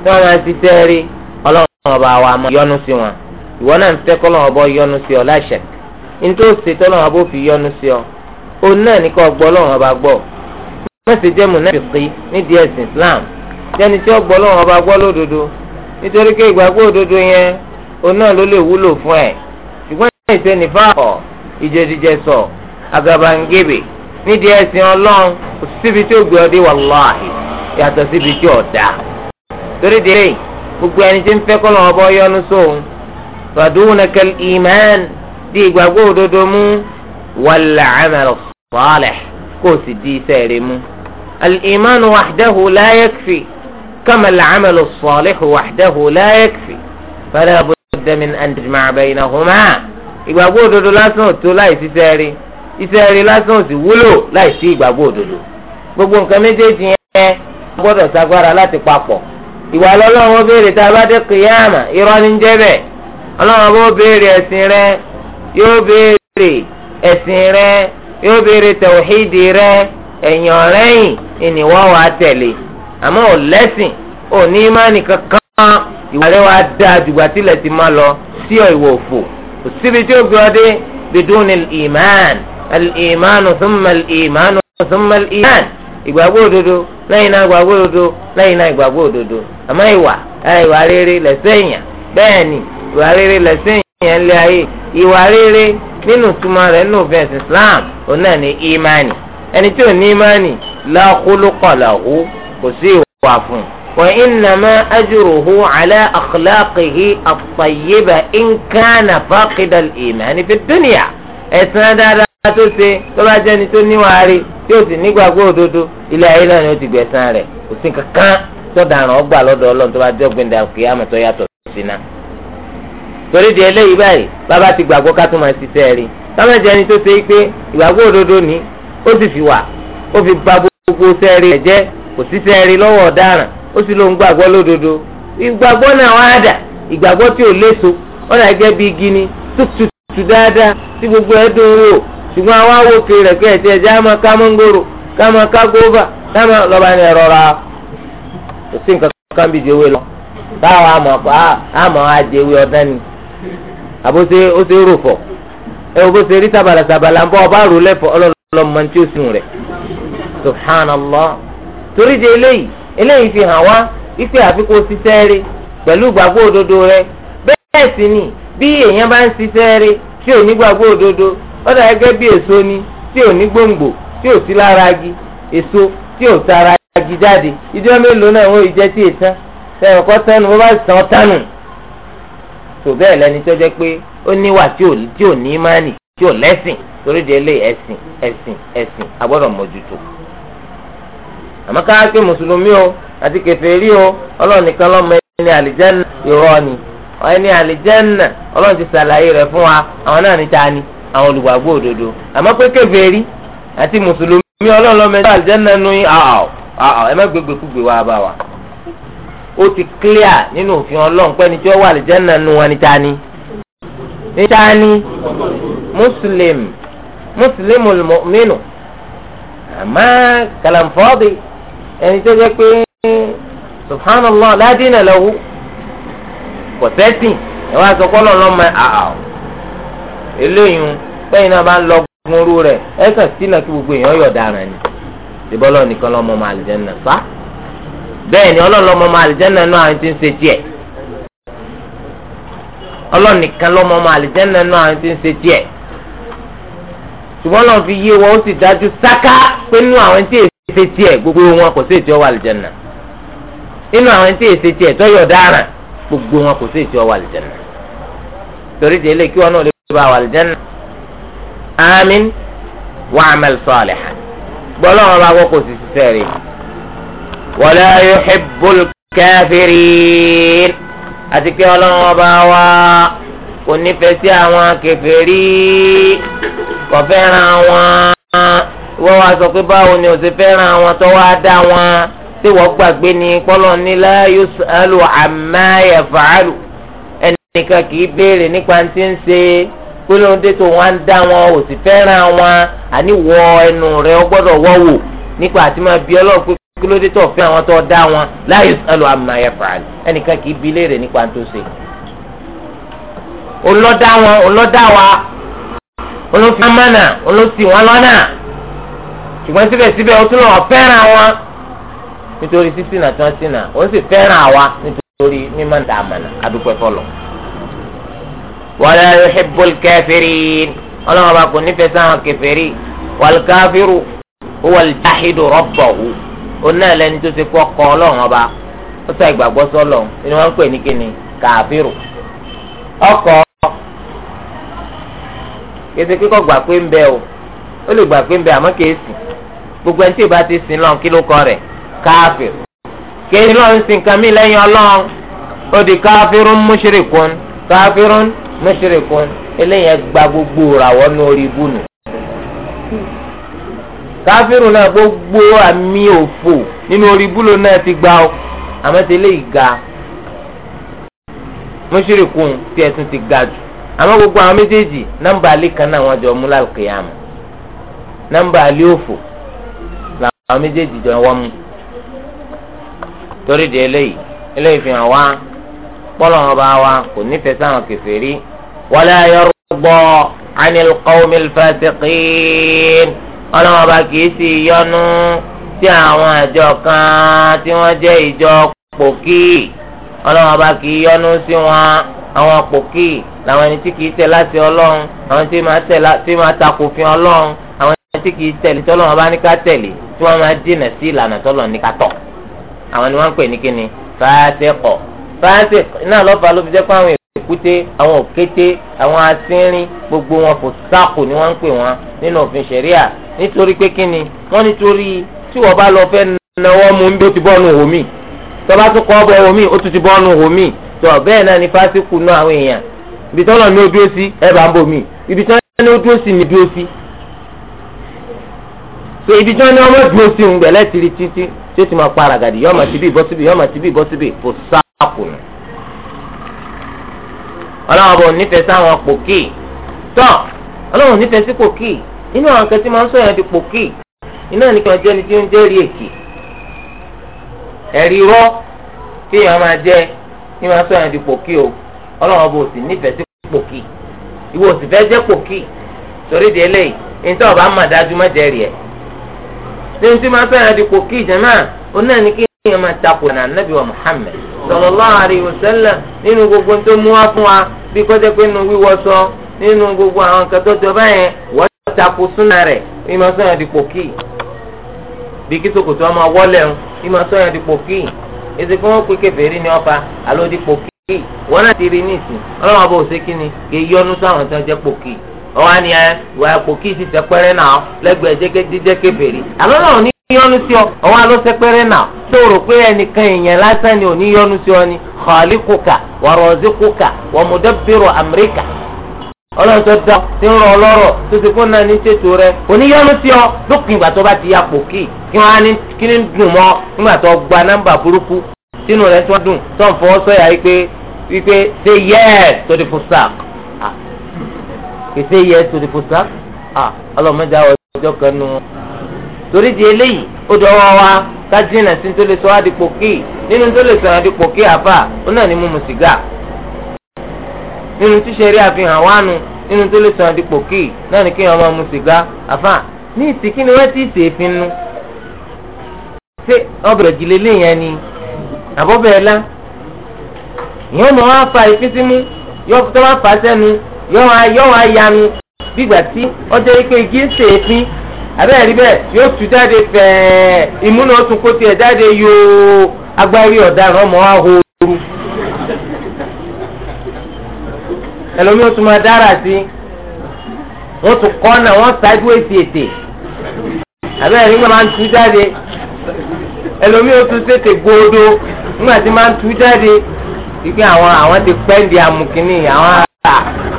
tí wọ́n máa ń ṣiṣẹ́ ọlọ́wọ́n bá wa máa yọ́nú sí wọn ìwọ òun náà ní kọ́ gbọ́ lọ́wọ́ bá gbọ́ mọ̀sí jẹ́ mùnáfìkì nídìí ẹ̀sìn Islam jẹ́ni tí ó gbọ́ lọ́wọ́ bá gbọ́ lódodo nítorí pé ìgbàgbọ́ òdodo yẹn òun náà ló lè wúlò fún ẹ̀ ṣùgbọ́n ìṣe ẹ̀sìn Ọlọ́run síbi tí ó gbé yàtọ̀ síbi tí torí gbogbo ẹni tí ń fẹ́ kọ́ lọ́wọ́ bọ́ fàdúhùn sọ́ọ̀lẹ̀ kó o sì di iṣẹ́ rẹ mú. al-imanu wahdahu la yakfi kama al-amalu salihu wahdahu la yakfi fala budda min an tajma'a baynahuma ìgbàgbọ́ òdodo lásán ò tó láì ṣiṣẹ́ rí iṣẹ́ rí lásán ò sì wúlò láì sí ìgbàgbọ́ òdodo gbogbo nǹkan méjèèjì yẹn gbọ́dọ̀ sagbára láti papọ̀ ìwà lọ́lọ́run ó béèrè tá a bá dé kìyàmà irọ́ ní jẹ́ bẹ́ẹ̀ ọlọ́run ó béèrè ẹ̀sìn rẹ yóò béèrè ẹ̀sìn rẹ yóò béèrè tẹ̀wọ̀hídì rẹ ẹ̀yàn rẹ́yìn ìníwọ́ wa tẹ̀lé àmọ́ ò lẹ́sìn ò ní ìmánì kankan ìwà rẹ wa da àdùgbà tilẹ̀ ti máa lọ sí ìwò òfò kò síbi tí ó gbé ọ dé bidun ìmán ìmánu súnmọ́ ìmánu súnmọ́ ìmán ìgbàgbọ́ òdodo lẹ́yìn náà ìgbàgbọ́ òdodo lẹ́yìn náà ìgbàgbọ́ òdodo àmọ́ ìwà ìwà rere lẹ́sẹ̀ èèyàn bẹ́ẹ̀ ni ìwà rere lẹ́sẹ̀ èèyàn lé ayé ìwà rere nínú túmọ̀ rẹ̀ nínú bẹ́ẹ̀sì islam òun náà ní ìmánì ẹni tí ò ní ìmánì la khuluqa lahu kò sí ìwà fún un. wa innama ajruhu ala akhlaqihi at-tayyiba in kana faqida al-imani fi dunya ẹ̀sán dáadáa tó ṣe tó bá jẹ́ ni tó níwáárí tí ó sì nígbàgbọ́ òdodo ilé ayé náà ni ó ti gbẹ̀san rẹ̀ kò sí kankan tó dànù ọgbà lọ́dọ̀ tó bá jẹ́ gbẹ̀ndà kìí àmọ̀tọ́ yàtọ̀ sí náà. torí di eléyìí báyìí bàbá ti gbàgbọ́ ká tó máa ṣiṣẹ́ rí táwọn ẹ̀jẹ̀ ni tó ṣe pé ìgbàgbọ́ òdodo ni ó sì fi wà ó fi ba gbogbo sẹ́ẹ̀rì ẹ̀jẹ̀ kò ṣiṣẹ́ rí lọ́wọ́ ọ̀daràn ó sì lóun gbàgbọ́ lódodo ìgbàgbọ́ náà wá dà ìgbàgbọ́ tí ò léso ó bí igi ni tútù dáadáa tí gbogbo ẹ̀ dùn wò ṣùgbọ́n ẹ̀jẹ̀ á máa ká táwọn àmọ̀ àbó ṣe ó ẹ o bó ṣe rí sabala sabala ń bọ ọba rò lẹfọ ọlọlọ tí ó sùn rẹ subhanallah torí de eléyìí eléyìí fi hàn wá ife àfikún ṣiṣẹ́ rí pẹ̀lú ìgbàgbọ́ òdodo rẹ bẹ́ẹ̀ sì ni bí èèyàn bá ń rí tí ni tí ò ní gbòǹgbò tí ò sí lára agi èso tí ò agi jáde mélòó náà tó bẹ́ẹ̀ lẹni tó jẹ́ pé ó níwà tí ò ní ìmánì tí ò lẹ́sìn torí de lé ẹ̀sìn ẹ̀sìn ẹ̀sìn agbọ́dọ̀ mójútó. àmọ́ ká pé mùsùlùmí o àti kèfèrí o ọlọ́run nìkan ló mọ ẹni àlìjẹ́nà irọ́ ni ẹni àlìjẹ́nà ọlọ́run ti ṣàlàyé rẹ̀ fún wa àwọn náà ní ni àwọn olùgbàgbọ́ òdodo àmọ́ pé kèfèrí àti mùsùlùmí ọlọ́run ló mọ ẹni àlìjẹ́nà nu yín àà àà ẹ má gbégbé kúgbé wa bá wa. ó ti clear nínú òfin ọlọ́run pé ẹni tí wà wọn ni ni ní ni muslim muslimul mu'minu àmọ́ kàlàǹfọ́ọ̀dì ẹni tó jẹ́ pé subhanallah la dina kò sẹ́sìn ẹ wá sọ kọ́lọ́ lọ́ mọ àhàó eléyìí pẹ́yìn náà bá ń lọ gun orú rẹ̀ sínú kí gbogbo èèyàn yọ̀ dára ni ìbọ́lọ́ nìkan lọ́mọ fa. bẹ́ẹ̀ ni ọlọ́run lọ́mọ ọmọ àlìjẹ́nà náà àwọn tí ń ṣe tiẹ̀ ọlọ́run nìkan lọ́mọ ọmọ àlìjẹ́nà náà àwọn tí ń ṣe tiẹ̀ ṣùgbọ́n fi yé wọn ó sì dájú sáká pé gbogbo wọn kò sí àlìjẹ́nà àwọn tí tiẹ̀ gbogbo wọn kò sí àlìjẹ́nà torí ti kí wọn náà lè bá àlìjẹ́nà wala yuhibbul kafirin àti pé ọlọ́run ọba wa kò nífẹ̀ẹ́ sí àwọn kèfèrí kò fẹ́ràn wọn wọ́n wá sọ pé báwo ni o ṣe fẹ́ràn wọn tó wá dá wọn tí wọ́n gbàgbé ni kọ́lọ́ ní la yus'alu amma yaf'alu ẹnìkan kì í béèrè nípa ti ń ṣe gbólóńdé tó wọn ń dá wọn ò fẹ́ràn wọn àní ẹnu rẹ̀ ó gbọ́dọ̀ nípa àti máa bí ọlọ́ọ̀ kí ló dé tó fẹ́ àwọn tó dá wọn la yusalu amma yaf'al ẹnìkan kì í bi léèrè nípa tó ṣe. olọ́dá wọn olọ́dá wa olófin amánà olóṣì wọn lọ́nà ṣùgbọ́n síbẹ̀síbẹ̀ ó tún lọ́wọ́ fẹ́ràn wọn nítorí sísìnà tí wọ́n sìnà ó sì fẹ́ràn àwa nítorí mímọ́ ní àmàlà adúpẹ́ fọlọ́. wala yuhibbul kafirin ọlọ́wọ́ kò nífẹ̀ẹ́ sáwọn kèfèrí wal kafiru huwal jahidu rabbahu onáà lẹni tó ti kọ́ kọ́ ọlọ́run ọba ó sọ ìgbàgbọ́ sọ́lọ̀ ni wọ́n ń pè ní kíni kàáfírù ọkọ̀ kété kíkọ́ gbà pé ń bẹ o ó lè gbà pé ń bẹ àmọ́ kéésì gbogbo ẹni tí ìbá ti sin lọ́n kí ló kọ́ rẹ̀ kàáfírù kéésì lọ́n ń sin kàmí lẹ́yìn ọlọ́run ó di kàáfírùn mushrikun kàáfírùn mushrikun eléyẹn gba gbogbo ràwọ́ ní orí ibùnú. káfíìrù náà gbogbo àmì òfò nínú orí búlò náà ti gba ọ àmọ́ ti ga tí ti ga jù àmọ́ gbogbo àwọn méjèèjì nọ́mbà alẹ́ kan náà wọ́n jọ mú lálùkìyàmù nọ́mbà òfò làwọn méjèèjì jọ torí di eléyìí eléyìí fi hàn wá pọ́lọ́ wọn bá wá kò nífẹ̀ẹ́ sáwọn kèfèrí wala yarda ọlọ́wọ́n bá kìí sì yọnu sí àwọn àjọ kan tí wọ́n jẹ́ ìjọ pòkì ọlọ́wọ́n bá kìí yọnu sí wọn àwọn pòkì làwọn ẹni tí kìí tẹ̀ láti ọlọ́run àwọn tí máa tẹ̀ tí máa takò fi ọlọ́run àwọn ẹni tí kìí tẹ̀lé tọ́lọ́wọ́n bá ní ká tẹ̀lé tí wọ́n máa dènà sí ìlànà tọ́lọ́ ní ká tọ̀ àwọn ni wọ́n ń pè ní kíni fàásẹ̀kọ̀ fàásẹ̀kọ̀ iná lọ́ba ló fi jẹ́ pé àwọn èkúté àwọn òkété àwọn asínrín gbogbo wọn kò sáàkù ni wọ́n ń pè wọ́n nínú òfin ṣẹ̀ríà nítorí pé kíni wọ́n nítorí tí wọ́n bá lọ fẹ́ náwó ti bọ́ọ̀nù wò tọ́ba tó kọ́ bọ̀ wò mí ti bọ́ọ̀nù wò mí bẹ́ẹ̀ náà ni fásitì nú àwọn èèyàn ibi tọ́lọ̀ ní ó dúró sí ibi tọ́lọ̀ ní ó dúró sí ni o sí so ibi tọ́lọ̀ ní ọmọ dúró sí ń tiri títí tí ti máa para gàdì yọ́ọ̀mà síbí bọ́ síbí inú àwọn kan tí máa ń sọ yẹn di pòkì iná ní kí wọ́n tí ń jẹ́ rí èkì ẹ̀rí tí èèyàn máa jẹ sọ yẹn di o ọlọ́run ọba ò osi sí pòkì ìwọ sì fẹ́ jẹ́ pòkì torí di ọba mmadụ dájú má jẹ́ rí sọ yẹn di pòkì kí máa takò nàbí wa nínú gbogbo tó mú fún wa bí tako súnà rẹ̀ bí máa sọ̀yàn di sokoto ọmọ wọlé ń bí máa sọ̀yàn di ni ọba àló di wọn náà ti rí ní ìsìn kì í yọnu jẹ́ ọwọ́ ni ti náà lẹ́gbẹ̀ẹ́ jíjẹ́ àlọ́ náà ní yọnu sí ọ ọwọ́ àlọ́ sẹpẹ́rẹ́ náà tó rò pé ẹnìkan èèyàn lásán ni ò yọnu sí ọ ni khaliquka wa ọlọ́run tó dá ti ń rọ ọlọ́rọ̀ tó ti kún náà ní ṣètò rẹ oníyanu sí ọ lópin ìgbà tó bá ti ya pòkì kí wọ́n á ní kí ní dùn mọ́ nígbà tó gba nọ́mbà burúkú sínú rẹ tó dùn tó ń fọwọ́ sọ́yà wípé wípé say yes to the fusaq kì í say yes to the fusaq ọlọ́run mẹ́ta ọjọ́ kan nù torí di eléyìí ó dọwọ́ wa ká jìnnà sí tó lè sọ adìpọ̀ kí nínú tó lè sọ adìpọ̀ kí àbá ó náà ní mímu nínú tíṣe rí àfihàn wánu nínú tó lè sọ àdìpọ̀ kì náà ni kéèyàn máa mu sìgá àfà ní ìsìnkí ni wọ́n ti ṣe é finú. ṣé ọbẹ̀ òjìlé léèyàn ni àbọ̀bẹ̀ ẹ̀la ìyẹn mọ̀ wá fa ìfísímú yọ tó wá fà á sẹ́nu yọ wá yọ wá yanu bígbà tí ọjọ́ ike igi ń ṣe é fín abẹ́ ẹ̀rí yóò tú jáde fẹ́ẹ́ ìmúna ó tún tiẹ̀ jáde yóò agbárí ọ̀daràn ọmọ wa ẹlòmí o tún máa dára sí wọ́n tún kọ́nà wọ́n ṣáájú èsì ètè àbẹ́rẹ́ nígbà máa ń tú jáde ẹlòmí o tún tètè gbóodó nígbà tí máa ń tú jáde wípé àwọn àwọn ti pẹ́ di amukini àwọn ará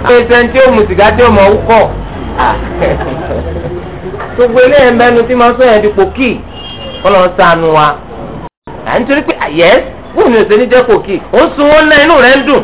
pé sẹ́ńtì ó mu sìgá tí ó mọ̀ ó kọ̀ gbogbo eléyìí ń bẹnu tí máa sọ yẹn di pòkì kọ́lọ́ ń sànù wa à ń torí pé ah, yes fóònù òsè ní jẹ́ pòkì ó sun wọn náà inú rẹ̀ ń dùn.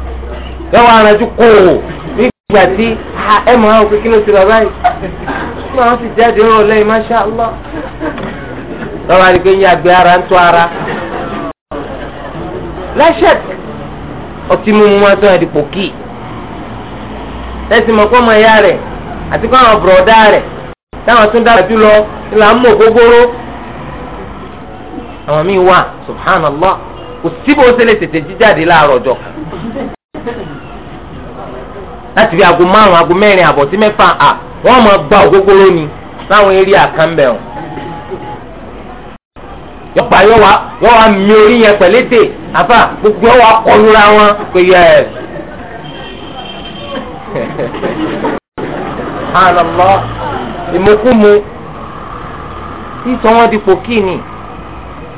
yóò wá aranjú kó o nígbà tí ah, ẹ máa ń kékeré sí bàbá yìí máa ń sì jáde rọ lẹ́yìn masha allah lọ́wọ́ àdìgbò yín àgbẹ̀ ara ń tó ara láṣẹ ọtí mímu wọn tó yẹn di pòkì tẹsí mọ kó ọmọ ẹyà rẹ àti kó àwọn bùrọ̀dá rẹ táwọn tún dára jùlọ ìlà ń mọ gbogbooro àwọn míì wà subhanallah kò síbò ó ṣe lè tètè jíjáde láàárọ̀ ọjọ́ láti fi aago márùn aago mẹ́rin àbọ̀ sí mẹ́fà à wọ́n máa gba ògógóró ni láwọn eré àkànbẹ̀ ọ̀. yọ̀pá yọ̀ wá wọ́n wá mi orí yẹn pẹ̀lété àfà gbogbo ẹ̀ wá kọlura wọn pé yẹ ẹ̀. àlọ́ ìmọ̀kúmu sísọ wọn di pòkíìnì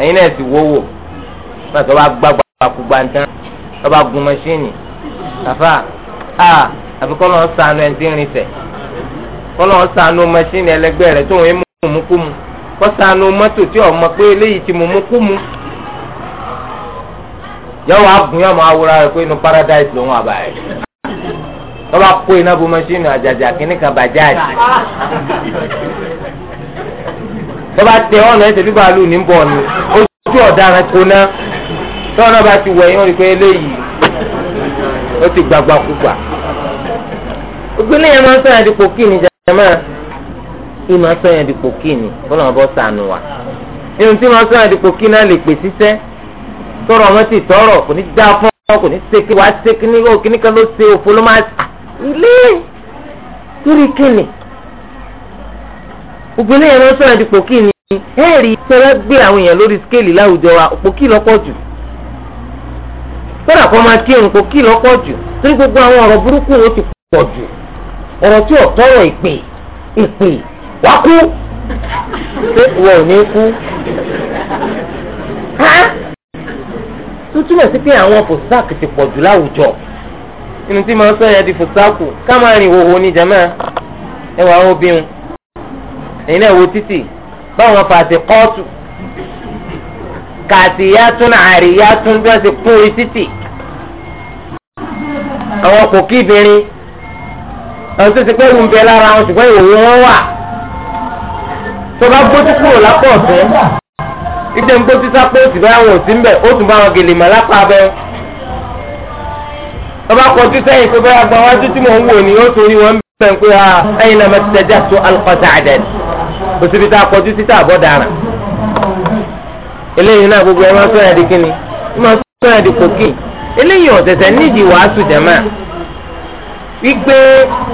ẹ̀yin náà sì wówó náà tó bá gbàgbà kú gbàǹtán tó bá gun mọ́ṣíìnì àfà a. àfi kọ́ lọ́n sànù ẹ̀ rìn sẹ̀ kọ́ lọ́n sànù mẹ́ṣíìnì ẹlẹgbẹ́ rẹ̀ tó ń mú mú kú mu kọ́ sànù mọ́tò tí ọmọ pé eléyìí ti mú mú kú mu yọ̀wọ̀ agùn yọ̀ máa rẹ̀ pé inú paradise ló ń wà báyìí tọ́ba kó iná bu mẹ́ṣíìnì àjàjà kínní kan tẹ ọ̀nà lù ní bọ̀ ni ojú ọ̀daràn ná bá ti wẹ̀ yín rí ògbélé yẹn máa ń sọyàn dípò kíni jàmá yìí máa ń sọyàn dípò kíni kọlọmọ bọ sànù wa irun tí máa ń sọyàn dípò kíni náà lè pè sísẹ tọrọ ọmọ ti tọrọ kò ní dá fún ọ kò ní seke wá seke ní o kíní kan ló ṣe òfo ló máa ṣà ilé torí kíni ògbélé yẹn máa ń sọyàn dípò kíni ẹ̀rí tẹ́lẹ̀ gbé àwọn èèyàn lórí skéèlì láwùjọ wa òpó kí lọ́pọ̀ jù kódà kó máa kí òǹkó kí lọ́pọ̀ jù torí gbogbo àwọn ọ̀rọ̀ burúkú ó ti pọ̀ jù. ọ̀rọ̀ tí ò tọrọ ìpè ìpè wá kú pé wọ́n ò ní kú. tó túmọ̀ sí pé àwọn ti pọ̀ jù láwùjọ inú tí màá sọ yẹn di fòsáàkù ká máa rìn ìhòòhò ní jama ẹ wà ó bí náà wo títì báwọn fàtí kọ́ọ̀tù kàtìyàtún bí àwọn tó ti pẹ́ ìwọ̀n bẹ lára wọn ṣùgbọ́n ìwòwò wọn wà tó bá gbójú kúrò lápò ọ̀tún ìdè ń gbójú sápò òsì bá wọn ò sí mbẹ ó tún bá wọn gèlè mọ́ lápá abẹ́ tó bá kọjú sẹ́yìn bẹ́ẹ̀ wájú tí mò ń wò ni ó wọn ha ah, ẹ̀yin náà mẹ́tẹ́tẹ́ já tó alùpàtà a kọjú sí tá eléyìí náà gbogbo wípé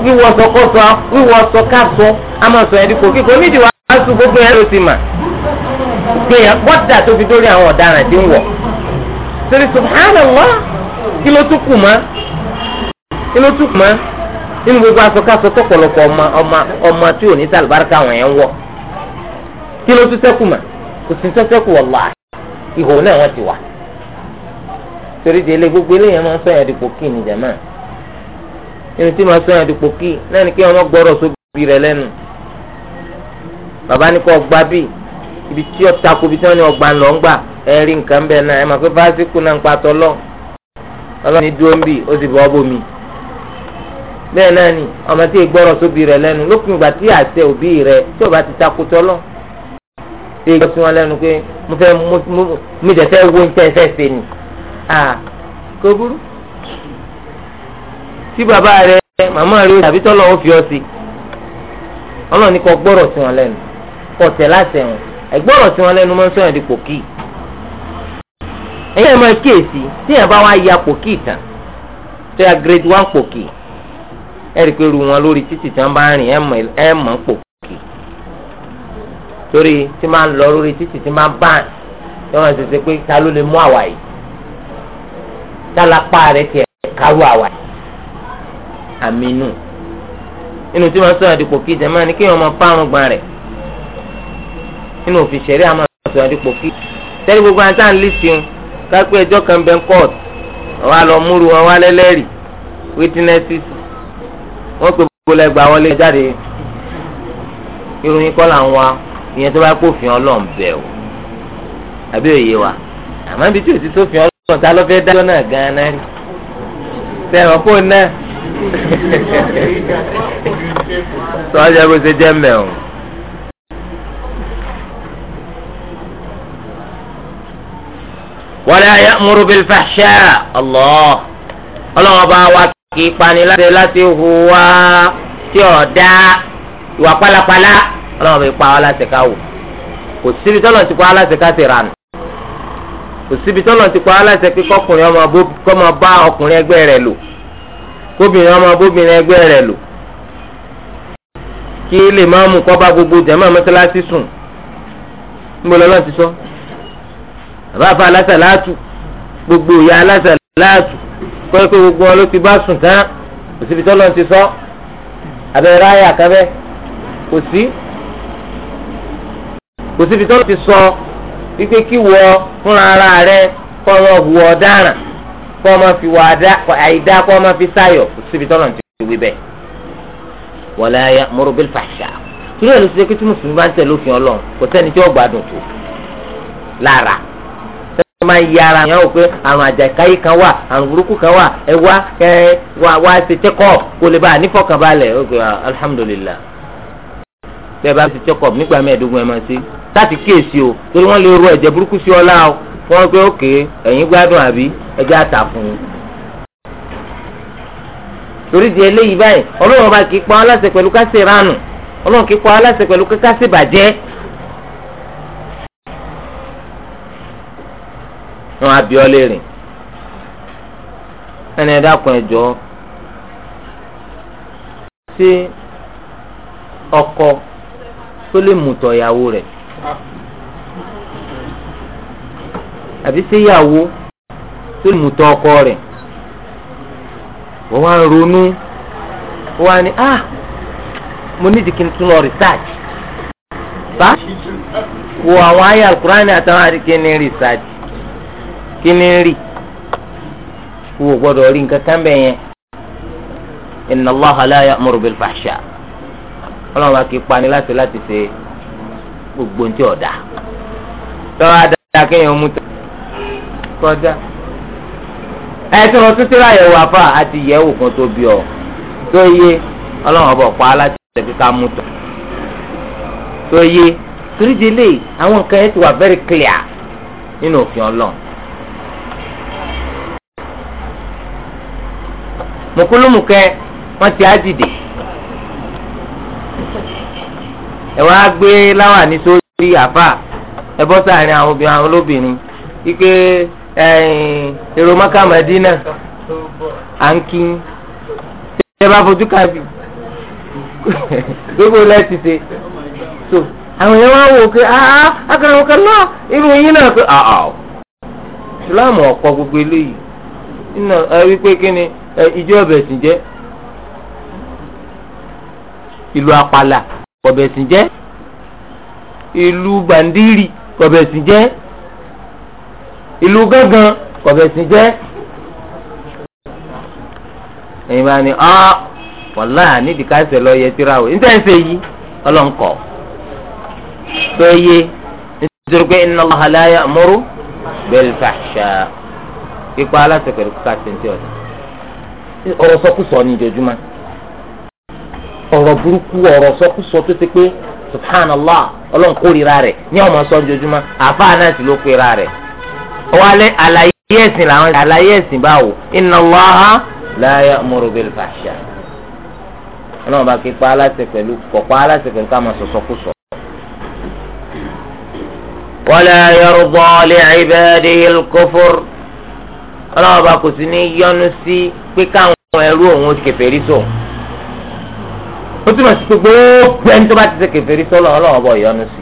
wíwọ sọkọsọ wíwọ sọkásọ amọ̀sọ yẹn dípò kíkọ nídìí wàá sùn gbogbo yẹn ló ti mà gbìyàn bọ́dà tó fi dórí àwọn ọ̀daràn tí ń wọ̀ torí subhanallah kí ló tún kù mọ́ kí ló tún kù mọ́ nínú gbogbo asọkásọ tọ̀pọ̀lọpọ̀ ọmọ ọmọ ọmọ tí ò ní yẹn ń kí ló tún sẹ́kù mọ́ gbogbo máa ń sọ inú tí màá sọyàn dípò kí náà ni kí ọmọ gbọ́rọ̀ sóbi rẹ̀ lẹ́nu bàbá ní kò gbá bíi ibi tí ó tako ibi tí wọ́n ní ọgbà ńlọ ń gbà ẹ rí nǹkan bẹ́ẹ̀ náà ẹ máa pé fásitì náà ń patọ́ lọ ọlọ́run ní dúró ń bì ó sì bọ́ bómi bẹ́ẹ̀ náà ni ọmọ tí ìgbọ́rọ̀ sóbi rẹ̀ lẹ́nu lópin ìgbà tí àṣẹ òbí rẹ̀ tí ò bá ti tako tọ́lọ́ ṣe ìgbọ́ sí wọn lẹ́nu pé mo fẹ́ mo mi dẹ̀ fẹ́ wo ní tẹ́sẹ̀ ṣe ni kò burú tí bàbá rẹ màmá rẹ tàbí tọ́lọ̀ ó fi ọ sí ọlọ́run ní kò gbọ́rọ̀ sí wọn lẹ́nu kò tẹ̀ láṣẹ wọn ẹ̀gbọ́rọ̀ sí wọn lẹ́nu máa ń sọ̀rọ̀ di pòkì ẹ̀yìn ẹ̀ máa kíyèsí tí yẹn bá wá ya pòkì tán tó ya grade one pòkì ẹ̀ rí i pé ru wọn lórí títì tí wọ́n bá rìn ẹ̀ mọ̀ pòkì torí tí máa ń lọ lórí títì tí máa bá tí wọ́n ṣẹ̀ṣẹ̀ pé ta ló lè mú àwa yìí tá lápá rẹ̀ tiẹ̀ kárú àwa yìí àmínú nínú tí wọ́n sọ àdìpò kí jẹ̀mọ́ ni kéèyàn máa fárun gbà rẹ̀ nínú òfin ṣẹ̀rí àmọ́ sọ àdìpò kí tẹ́lẹ̀ gbogbo àti à ń lè ṣeun kápẹ́ kan bẹ́ẹ̀ court wọ́n á múru wọn wá lẹ́lẹ́rìí witnesses wọ́n pe gbogbo lẹ́gbàá wọlé jáde ìròyìn kọ́ là ń wá ìyẹn tó bá kófin ọlọ́run bẹ̀ o àbí òye wa àmọ́ ibi tí òsì sófin ọlọ́run ta ló fẹ́ dájọ́ náà gan-an náà kó náà sọ́jà bó ṣe jẹ́ mẹ́ o. wala ya'muru bil fahsha Allah ọlọ́wọ́n bá wa kì í pani láti láti hùwà tí ò dá ìwà pálapàla ọlọ́wọ́n bá pa wá láti ká wò kò síbi tọ́lọ̀ ti pa wá láti ká ti rànù kò síbi tọ́lọ̀ ti pa wá láti pé kọkùnrin ọmọ bá ọkùnrin ẹgbẹ́ rẹ̀ lò bóbìnrin ọmọ bóbìnrin ẹgbẹ́ rẹ̀ lò kí lè máa mú kọ́ bá gbogbo jẹ́mọ́ mọ́sálásí sùn níbo lọ́lọ́ ti sọ àbáfa alásàlátù gbogbo ìyá alásàlátù kọ́ pé gbogbo wọn ló ti bá sùn tán òsibí tọ́lọ́ ti sọ abẹ́rẹ́ ayé àkàbẹ́ kò sí òsibí tọ́lọ́ ti sọ wípé kí wọ fúnra ara rẹ kọ́ ọ hùwà ọ̀daràn kọ́ ọmọ fi wà àìdá kọ́ ọmọ fi sáyọ̀ síbi tọ́lọ̀ ti wí bẹ́ẹ̀ wala ya'muru bil fahsha turu ẹ̀ ló ti ṣe pé tí mùsùlùmí bá ń tẹ̀lé òfin ọlọ́run kò sẹ́ni tí ó gbádùn tó lára sẹ́ni máa yí ara yẹn wò pé àrùn àjàkáyé kan wà àrùn burúkú kan wà ẹ wá ẹ wá wá ṣe check-up kó lè bá nífọ̀kànbalẹ̀ ó gbé ah, alhamdulillah bẹ́ẹ̀ bá ṣe check-up nígbà mẹ́ẹ̀ẹ́dógún ẹ̀ máa ṣe láti kíyèsí o torí wọ́n lè ro ẹ̀jẹ̀ burúkú sí ọlá o wọ́n gbé òkè ẹ̀yin gbádùn àbí ẹjẹ́ àtàkùn yìí. torí di eléyìí báyìí ọlọ́run bá kì í pa ọ́ láṣẹ pẹ̀lú kásì ránù ọlọ́run kì í pa ọ́ láṣẹ pẹ̀lú kásì bàjẹ́. wọn á bí ọ léèrè ẹni ẹ dákun ẹ jọ ṣé ọkọ tó lè mú tọ̀yàwó rẹ̀ àbí séyàwó tó lè mú tọ ọkọ rẹ̀ wọ́n wá ń ronú wọ́n wá ní ah mo ní ìdíkì tún lọ research bá wo àwọn ayé alukurani àtàwọn àdìkì ní research kí ni rí wo gbọ́dọ̀ rí nǹkan kan bẹ́ẹ̀ yẹn inna Allaha la ya'muru bil fahsha ọlọ́run bá kì í pani láti láti ṣe gbogbo ntí ọ̀dà tọ́wọ́ adá kéèyàn mú tó kọjá ẹ̀sìn lọ títí láyẹ̀wò àfa àti yẹ̀wò kan tó bí ọ tó yé ọlọ́run ọbọ̀ pa aláṣẹ kíkà mú tọ̀ tó yé torídéélé àwọn nǹkan yẹn ti wà very clear nínú òfin ọlọ́run. mùkúlùmùkẹ́ wọ́n ti á dìde ẹ wá gbé láwà ní sórí àfa ẹ bọ́ sáàrin àwọn obìnrin àwọn olóbìnrin wípé. èrò maka madina à ṣe bá fojú kábí gbogbo lẹ́ẹ̀tì ṣe so àwọn èèyàn wá wò pé ah, ah akọ̀rọ̀ kan náà irú yín náà pé ah ah ìsìláàmù ọ̀pọ̀ gbogbo eléyìí nínú ẹ wípé kí ni ìjọ ọbẹ̀ sìn jẹ́ ìlú apala ọbẹ̀ jẹ́ ìlú ọbẹ̀ ìlú gángan kọ̀bẹ̀sìn jẹ́ èyí máa ní ọ́ wàlá nídìí ká ẹsẹ̀ lọ yẹ tíra o níta ẹsẹ̀ yìí ọlọ́nkọ̀ tó yé nítorí pé inna Allaha la ya'muru bil fahsha ipa aláṣẹ pẹ̀lú kíkà sèǹtì ọ̀dà ọ̀rọ̀ sọkúsọ ní ìjọjúmọ́ ọ̀rọ̀ burúkú ọ̀rọ̀ sọkúsọ tó ti pé subhanallah ọlọ́nkórira rẹ̀ ní ọmọ sọ ìjọjúmọ́ àfáà náà sì ló pera rẹ̀ wàlẹ́ àlàyé ẹ̀sìn làwọn àlàyé ẹ̀sìn báwo inna Allaha la ya'muru bil fahsha. ọlọ́run bá kí pa aláṣẹ pẹ̀lú kọ̀pá aláṣẹ pẹ̀lú káma sọ̀sọ́ kú sọ. wala yarda li ibadihi al-kufr ọlọ́run bá kò ní yọ́nú sí pé káwọn ẹrú òun kèfèrí sọ. ó túmọ̀ sí pé gbogbo ẹni bá ti ṣe kèfèrí sọ lọ́wọ́ ọlọ́run bá sí.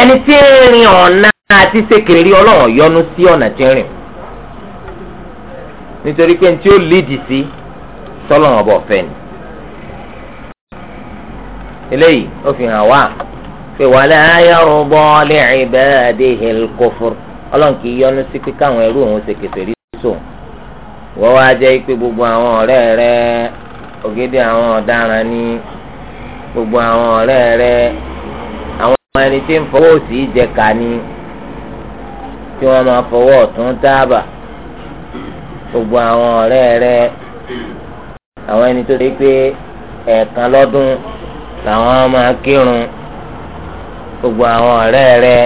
ẹni tí ń rin ọ̀nà àti sekèrè ọlọ́run yọ́nú sí ọ̀nà tí ń rìn nítorí pé tí ó léèdì sí sọlọ́run ọba ọ̀fẹ́ ni. eléyìí ó fi hàn wá pé wala yarda li ibadihi al-kufr ọlọ́run kì í yọ́nú sí pé káwọn ẹrú òun sóun wọ́n wá jẹ́ pé gbogbo àwọn ọ̀rẹ́ rẹ ògidì àwọn kí wọ́n máa fọwọ́ ọ̀tún táàbà gbogbo àwọn ọ̀rẹ́ rẹ àwọn ẹni tó ṣe pé ẹ̀ẹ̀kan lọ́dún làwọn máa kírun gbogbo àwọn ọ̀rẹ́ rẹ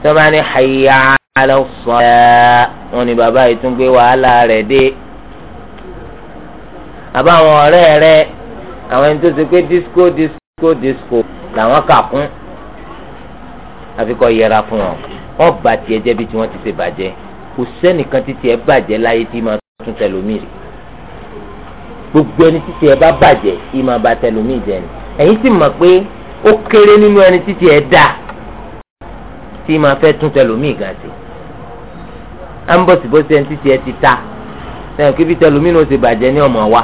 tí wọ́n bá ní hayya ala salat wọn ni bàbá yìí tún gbé wàhálà rẹ̀ dé àbáwọn ọ̀rẹ́ rẹ àwọn ẹni tó ṣe pé disco disco disco làwọn kà kún àfikọ́ yẹra fún wọn ọba tiẹ̀ jẹ́ bí tí wọ́n ti ṣe bàjẹ́ kò sẹ́nìkan títí ẹ bàjẹ́ láyé tí máa tún tẹlomi rè gbogbo ẹni títí ẹ bá bàjẹ́ ìmọ̀ bá tẹlomi jẹ ni ẹ̀yin sì mọ̀ pé ó kéré nínú ẹni títí ẹ dà tí máa fẹ́ tún tẹlomi gan sí à ń bọ̀ síbó sí ẹni títí ẹ ti ta sẹ́yìn kí bí tẹlomi náà ṣe bàjẹ́ ní ọmọ wa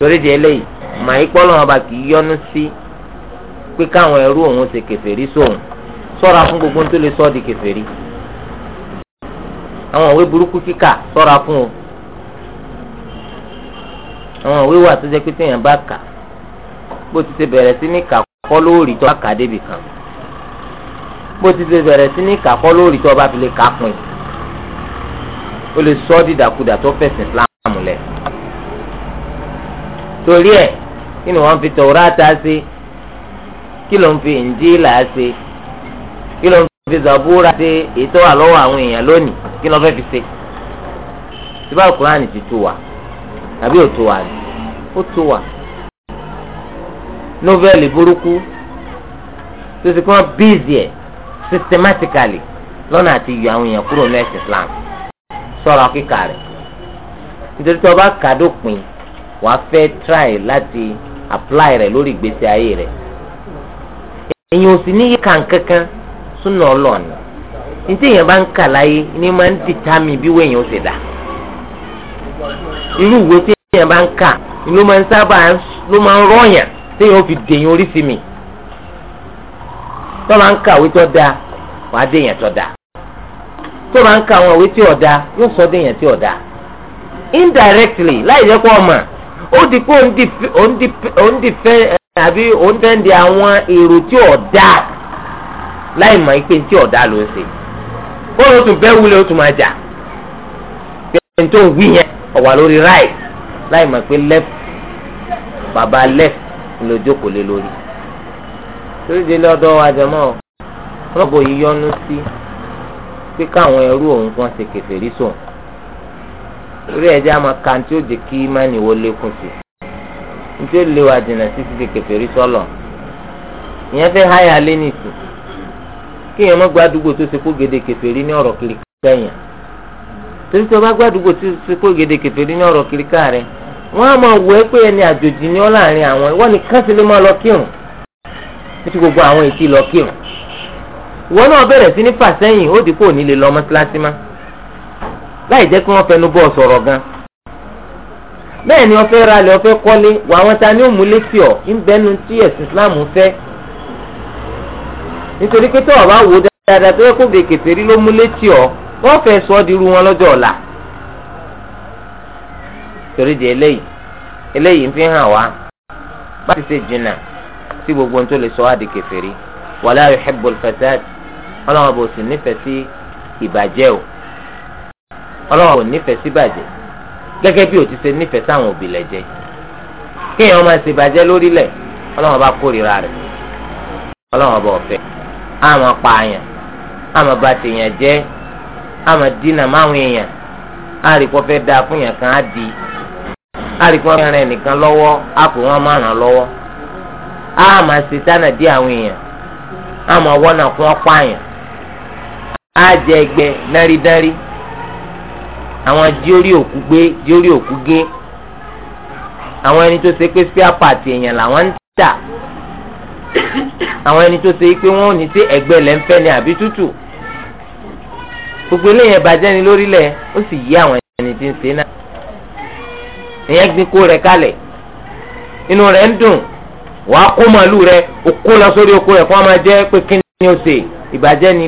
torí di eléyìí màá yí pọ́ bá kì í yọnu sí pé káwọn ẹrú òun ṣe kèfèrí sóun ṣọ́ra fún gbogbo tó lè sọ ọ́ di kèfèrí àwọn òwe burúkú kíkà ṣọ́ra fún o àwọn òwe wà tó jẹ́ pé téèyàn bá kà bó ti ṣe bẹ̀rẹ̀ sí ní kàkọ́ lórí tó bá kà débi kan bó ti ṣe bẹ̀rẹ̀ sí ní kàkọ́ lórí tó bá fi lè kà pin o lè sọ ọ́ dìdàkudà tó fẹ̀sìn Islam lẹ̀ torí ẹ̀ kí ni wọ́n fi Tawrata ṣe kí ló ń fi Injila ṣe kí ló ń fi zabura ṣe ètò wà lọ́wọ́ àwọn èèyàn lónìí kí ló fẹ́ fi ṣe síbá kúránì ti tó wa àbí ò tó wa ni ó tó wa novẹ́ẹ̀lì burúkú tó ti kọ́ bíìsì ẹ̀ systematically lọ́nà àti yọ àwọn èèyàn kúrò nẹ́ẹ̀sì Islam sọ̀rọ̀ kíkà rẹ̀ nítorí tí wọ́n bá wàá fẹ́ try láti apply rẹ̀ lórí ìgbésí ayé rẹ̀ èèyàn ò sì níyí kàn kankan súnà ọlọ́ọ̀ni ntí èèyàn bá ń kà láyé ni máa ń dìtámì bí wẹ̀yìn ó ṣe dà irú ìwé tí èèyàn bá ń kà ló máa ń sábà ló máa ń rọ̀yàn tí èèyàn ó fi dèyàn orí sí mi tó máa ń kàwé tó dáa wàá dèyàn tó dáa tó máa ń ka àwọn ìwé ọ̀dà yóò sọ dèyàn tí ọ̀dà indirectly láì jẹ́ kó ọmọ ó di pé òun di fẹ́ àbí òun fẹ́ di àwọn èrò tí ọ̀dà. láì mọ̀ pé ntí ọ̀dà ló ń ṣe bóyá otu tún bẹ́ẹ̀ wúlé o tún máa jà pé tó wí yẹn ọ̀wà lórí right láì mọ̀ pé left bàbá left ló jókòó lé lórí torí délé ọ̀dọ̀ wa jẹmọ́ yìí yọnu sí pé káwọn ẹrú òun kan ṣe sùn orí ẹjẹ kan tí ó kí wọlé kùn sí sọlọ ìyẹn háyà lé kí èèyàn má gba àdúgbò tó ṣe kó ní ọ̀rọ̀ kiri torí tí o bá gba àdúgbò ní ọ̀rọ̀ kiri rẹ wọn á máa wọ ẹ pé ẹni àjòjì ni ọ láàrin àwọn ìwọ ni sì lè lọ kírun títí gbogbo àwọn èsì lọ kírun ìwọ náà bẹ̀rẹ̀ sí ní ó lè lọ má kí wọ́n fẹnu bọ́ sọ̀rọ̀ gan bẹ́ẹ̀ ni fẹ́ ralẹ̀ fẹ́ ta ni ọ̀ ń bẹ́nu tí ẹ̀sìn nítorí pé tó o bá wò dáadáa tó yẹ kó bèè kèfèrí ló mú létí ọ wọ́n fẹ́ sọ ọ́ dirú wọn lọ́jọ́ ọ̀la torí di eléyìí eléyìí ń fi hàn wá bá ti ṣe jìnnà sí gbogbo ohun tó lè sọ wá di kèfèrí wala yuhibbul fasad ọlọ́wọ́n bò sì nífẹ̀ẹ́ sí ìbàjẹ́ o ọlọ́wọ́n bò nífẹ̀ẹ́ sí ìbàjẹ́ gẹ́gẹ́ bí o ti ṣe nífẹ̀ẹ́ sáwọn òbí lẹ̀ kéèyàn máa ṣèbàjẹ́ lórílẹ̀ ọlọ́wọ́n bá kórìíra rẹ̀ ọlọ́wọ́n bá ọ̀fẹ́. àmọ́ pààyàn àmọ́ bá tèèyàn jẹ́ àmọ́ dínà máwọn èèyàn kan á di àríkọ́ rẹ̀ nìkan lọ́wọ́ àpò wọn máa ràn lọ́wọ́ àmọ́ ṣètánà dí àwọn a ma wọ́nà fún ọ́ pààyàn àwọn jíórí òkú gbé jíórí òkú gé àwọn ẹni tó ṣe pé làwọn ń àwọn ẹni tó ṣe é pé wọn ò ní sí ẹgbẹ́ ni àbí tútù gbogbo eléyìí ni lórílẹ̀ ó sì yí àwọn ẹni tí ń ṣe náà ìyẹn gbin kó inú ń dùn wàá kó màálù òkú lọ sórí oko pé kí ni ṣe ni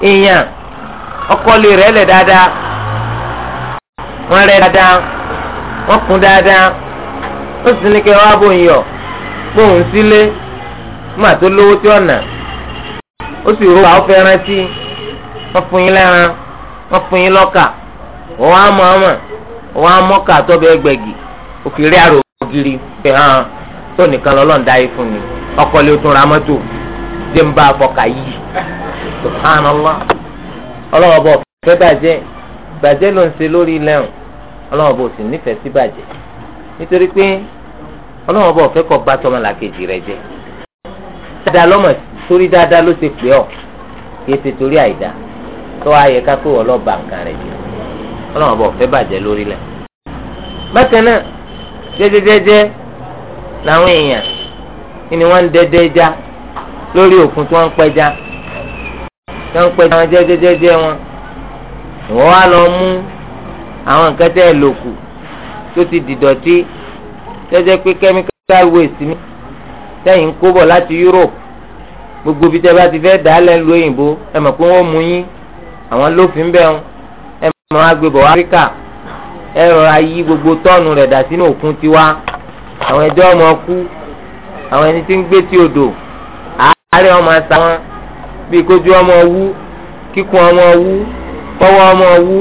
ìyàn ó sì ní kí wọ́n bó ń yọ gbóhùn sílé má tó lówó tí ọ̀nà ó sì rò àwọn fẹ́ rántí wọ́n fún yín lẹ́ran wọ́n fún yín lọ́kà wọ́n á mọ̀ ọ́mọ̀ wọ́n á mọ́kà tọ́bẹ̀ ẹgbẹ̀gì òkèèrè àrò ògiri pé hàn tó nìkan lọ́lọ́ọ̀dá yìí fún mi ọkọ̀ lè tún ra mọ́tò dé ń bá a fọkà yìí subhanallah ọlọ́wọ́ bọ̀ fẹ́ bàjẹ́ bàjẹ́ ló ń se lórí ilẹ̀ ọlọ́wọ́ bọ̀ sì nífẹ̀ẹ́ sí bàjẹ́. nítorí pé ọlọ́run ọba ọ̀fẹ́ kọ̀ bá tọmọ làkejì rẹ̀ jẹ́ dáadáa lọ́mọ torí dáadáa ló ṣe pé ọ̀ kìí ṣe torí àìdá tó ayẹ ká pé ọlọ́ba nǹkan rẹ̀ jẹ́ ọlọ́run ọba ọ̀fẹ́ bàjẹ́ lórí lẹ̀. bákan náà jẹ́jẹ́jẹ́jẹ́ làwọn èèyàn ni wọ́n ń dẹ́dẹ́ já lórí òkun tí wọ́n ń tí wọ́n ń wọn jẹ́jẹ́jẹ́jẹ́ wọn ìwọ́n wá lọ tó ti dìdọ̀tí tẹ́jẹ́ pé chemical waste ni tẹ́yìn kó bọ̀ láti Europe gbogbo bí tẹ́bá ti fẹ́ dà á lẹ́nu lóyìnbó ẹ mọ̀ pé wọ́n mú yín àwọn lófin bẹ́ẹ̀ ń ẹ mọ̀ agbébọ̀ Áfíríkà ẹ rọra yí gbogbo tọ́ọ̀nù rẹ̀ dà sínú òkun tiwa àwọn ẹjọ́ ọmọ kú àwọn ẹni tí ń gbé tí odò àárẹ̀ ọmọ asa wọn bíi kójú ọmọ wú kíkun ọmọ wú kọ́wọ́ ọmọ wú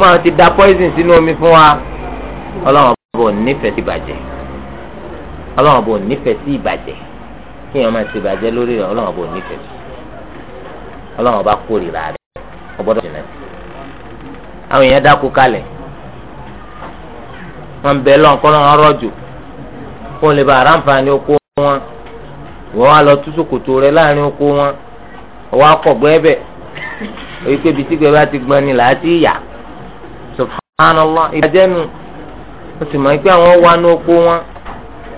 wọn ti da poison sínú omi fún wa ọlọ́run ọba ò nífẹ̀ẹ́ sí ìbàjẹ́ ọlọ́run ọba ò nífẹ̀ẹ́ sí ìbàjẹ́ kí èèyàn máa ṣe ìbàjẹ́ lórí rẹ̀ ọlọ́run ọba ò nífẹ̀ẹ́ sí ọlọ́run ọba kórìíra rẹ̀ ọgbọ́dọ̀ jìnnà sí. àwọn èèyàn dákú kalẹ̀ wọ́n ń bẹ lọ́nkọ́nà ọrọ̀jù kó lè ba àràǹfààní oko wọn wọ́n wá lọ tú ṣòkòtò rẹ̀ láàrin oko wọn ọwọ́ akọ̀gbẹ́ bẹ̀ oyin pé bisígbẹ́ bá ti gbọ́n ni làá ti yà subhanallah ìbàjẹ́ nu wọ́n sì mọ̀ pé àwọn wà ní oko wọn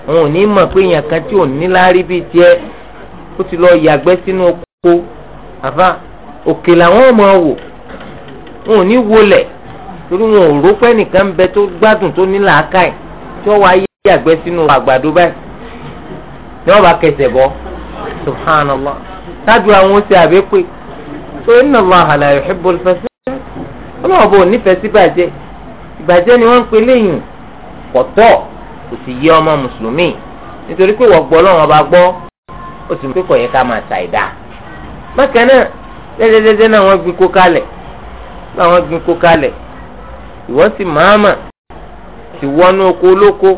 àwọn ò ní mọ̀ pé èèyàn kan tí ò ní láárí bíi tiẹ̀ ó ti lọ yàgbẹ́ sínú oko àfa òkè làwọn ọmọ wò wọn ò ní wọlẹ̀ torí wọn ò rò pé nìkan bẹ tó gbádùn tó ní làákàyè tí wọ́n wá yàgbẹ́ sínú àgbàdo báyìí ni wọ́n bá kẹsẹ̀ bọ́ subhanallah ṣáájú àwọn oṣù àbẹ́pẹ́ so inna Allaha la yuhibbul fasid ọlọ́wọ́ bò nífẹ̀ẹ́ sí bàjẹ́ ìbàjẹ́ ni wọ́n ń pe léyìn. kpọtọ kò sì yé ọmọ mùsùlùmí nítorí pé wọ́n gbọ́ lọ́wọ́ bá gbọ́ ó sì pé kò yẹ ká máa ṣàìdá. bákan náà dẹ́dẹ́dẹ́dẹ́ náà wọ́n gbin kó kalẹ̀ wọ́n gbin kó kalẹ̀ ìwọ́n sì máàmà ti wọnú oko olóko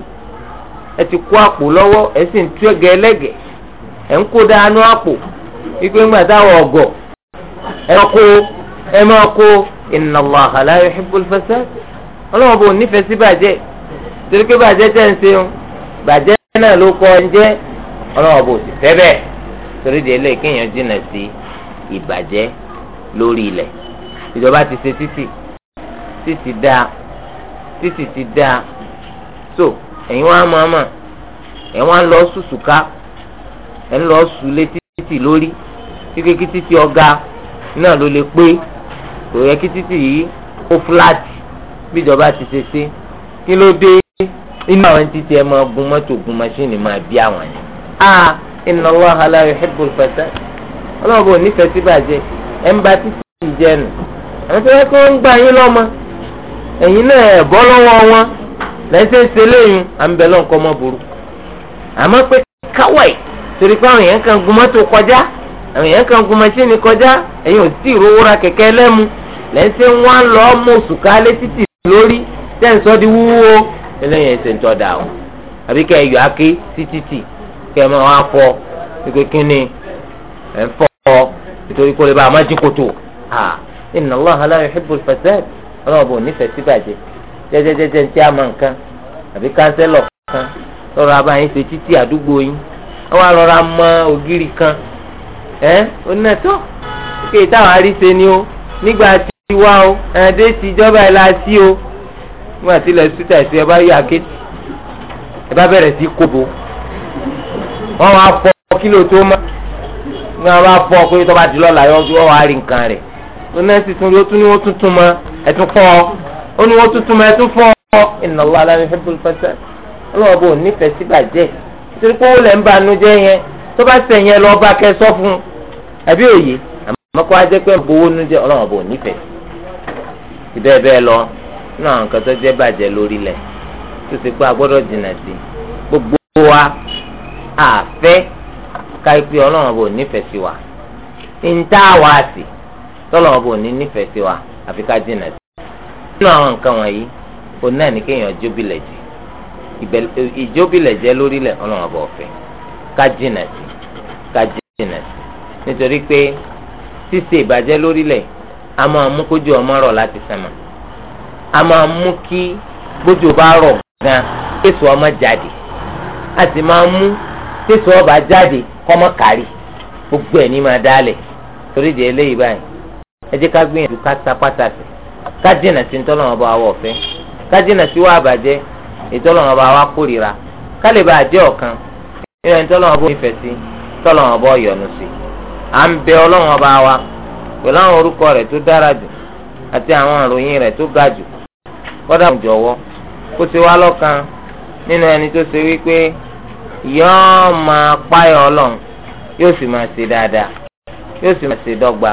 ẹ ti kó àpò lọ́wọ́ ẹ sì ń tú ẹ̀gẹ́ ẹ kó ẹ máa kó bò torí pé bàjẹ́ tẹ̀ ń ṣeun bàjẹ́ náà ló kọ́ ń jẹ́ ọlọ́wọ́ bò sí fẹ́ bẹ́ẹ̀ torí délé kéèyàn jìnnà sí ìbàjẹ́ lórí ilẹ̀ ìjọba ti ṣe títì títì dáa títì ti dáa so ẹ̀yin wá máa mà ẹ̀ wá ń lọ sùsùká ẹ̀ ń lọ sùlé títì lórí kíkẹ́ kí títì ọ̀gá náà ló lè pé kò yẹ kí títì yìí ó fúláàtì bí ìjọba ti ṣe ṣe kí ló dé inú àwọn títí ẹ máa gun mọ́tò gun maṣíìnì máa bí àwọn yẹn. a inna Allaha la yuhibbul fasad ọlọ́run nífẹ̀ẹ́ sí bàjẹ́ ẹ̀ ń ba títí jẹ́ nù. àwọn tó yẹ kó ń yín lọ́mọ ẹ̀yin náà ẹ̀ bọ́ lọ́wọ́ wọn lẹ́sẹ̀ ṣe léyìn àmbẹ̀lọ́ nǹkan ọmọ burú. àmọ́ pé káwáì torí pé àwọn kan gun mọ́tò kọjá àwọn kan gun kọjá ẹ̀yin ò tí ì eléyìí ẹsẹ̀ ń tọ́ da o àbí kẹ́ ẹ yọ aké títí kẹ́ ẹ máa wá fọ pípé kínní ẹ̀ ń fọ nítorí kó lè bá a má dín kòtò ha inna Allaha la yuhibbul fasad ọlọ́wọ́ bò nífẹ̀ẹ́ sí bàjẹ́ jẹ́jẹ́jẹ́jẹ́ ń tí a mọ nǹkan àbí kánsẹ́lọ̀ kan lọ́rọ̀ abáyín ṣe títí àdúgbò yín wọ́n á lọ́ra mọ ògiri kan ẹ́ onínàtọ́ kéèké táwọn arí ṣe ni ó nígbà tí wá o ẹ̀ẹ́dẹ́sì ìjọba ẹ̀ la sí o. nígbà tí ilẹ̀ títà ẹ̀sìn ẹ bá yí akéde ẹ bá bẹ̀rẹ̀ sí kóbo wọ́n wá fọ kílò tó má wọ́n wá fọ pé tó bá di lọ́la yọ wọ́n wá rí nǹkan rẹ̀ wọ́n náà sì tún ó tún ní wọ́n tún tún mọ́ tún fọ́ ó ní wọ́n tún tún mọ́ tún fọ́ ìnáwó alámi ọlọ́wọ́ bò nífẹ̀ẹ́ sí bàjẹ́ pé ó lẹ̀ ń jẹ́ náà nǹkan tó jẹ́ bàjẹ́ lórí lẹ̀ tó ti pé a gbọ́dọ̀ jìnnà sí gbogbo wa àfẹ́ káyipé ọlọ́run bò nífẹ̀ẹ́ sí wa níta wa sí tọ́lọ́run bò ní nífẹ̀ẹ́ sí wa àfi ká jìnnà sí. nínú àwọn nǹkan wọ̀nyí òun náà ní kéèyàn jóbìlẹ̀ jì ìjóbìlẹ̀ jẹ́ lórí lẹ̀ ọlọ́run bò fẹ́ ká jìnnà sí ká jìnnà sí nítorí pé ṣíṣe ìbàjẹ́ lórí lẹ̀ a máa mú kójú ọmọ rọ̀ láti sẹ́mọ̀. a máa mú kí bójú bá rọ̀ gan késo ọmọ a sì máa mú ọba jáde kọ́mọ kárí gbogbo ẹ̀ ní máa dálẹ̀ torí di eléyìí báyìí ẹ jẹ́ ká gbìyànjú ká ta pátàkì ká dènà sí ntọ́lọ́wọ́n bá wọ̀ ọ̀fẹ́ ká dènà sí wà bàjẹ́ ìtọ́lọ́wọ́n bá wà kórìíra ká lè bá àjẹ́ ọ̀kan nínú sí à ń bẹ wa pẹ̀lú àwọn orúkọ rẹ̀ tó kọ́dà jọ̀wọ́ kó ti wá lọ́kàn nínú ẹni tó ṣe wípé yọ́ọ́ máa páyọ̀ ọlọ́run yóò sì máa ṣe dáadáa yóò sì máa ṣe dọ́gba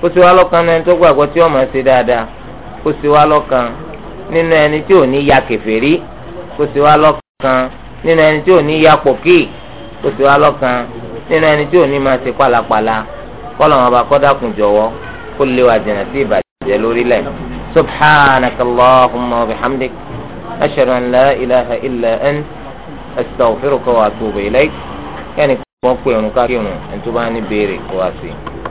kó sì wá lọ́kàn nínú ẹni tó gbàgbọ́ tí yóò máa ṣe dáadáa kó sì wá lọ́kàn nínú ẹni tí ò ní ya kèfèrí kó sì wá lọ́kàn nínú ẹni tí ò ní ya pòkì kó sì wá lọ́kàn nínú ẹni tí ò ní máa ṣe pàlàpàlà kọ́lọ̀ wọn bá kọ́dà kùn jọ̀wọ́ kó lè wà jìnnà sí ìbàjẹ́ lórílẹ̀. سبحانك اللهم وبحمدك أشهد أن لا إله إلا أنت أستغفرك وأتوب إليك يعني كوكو يونو كاكيونو أن باني بيري كواسي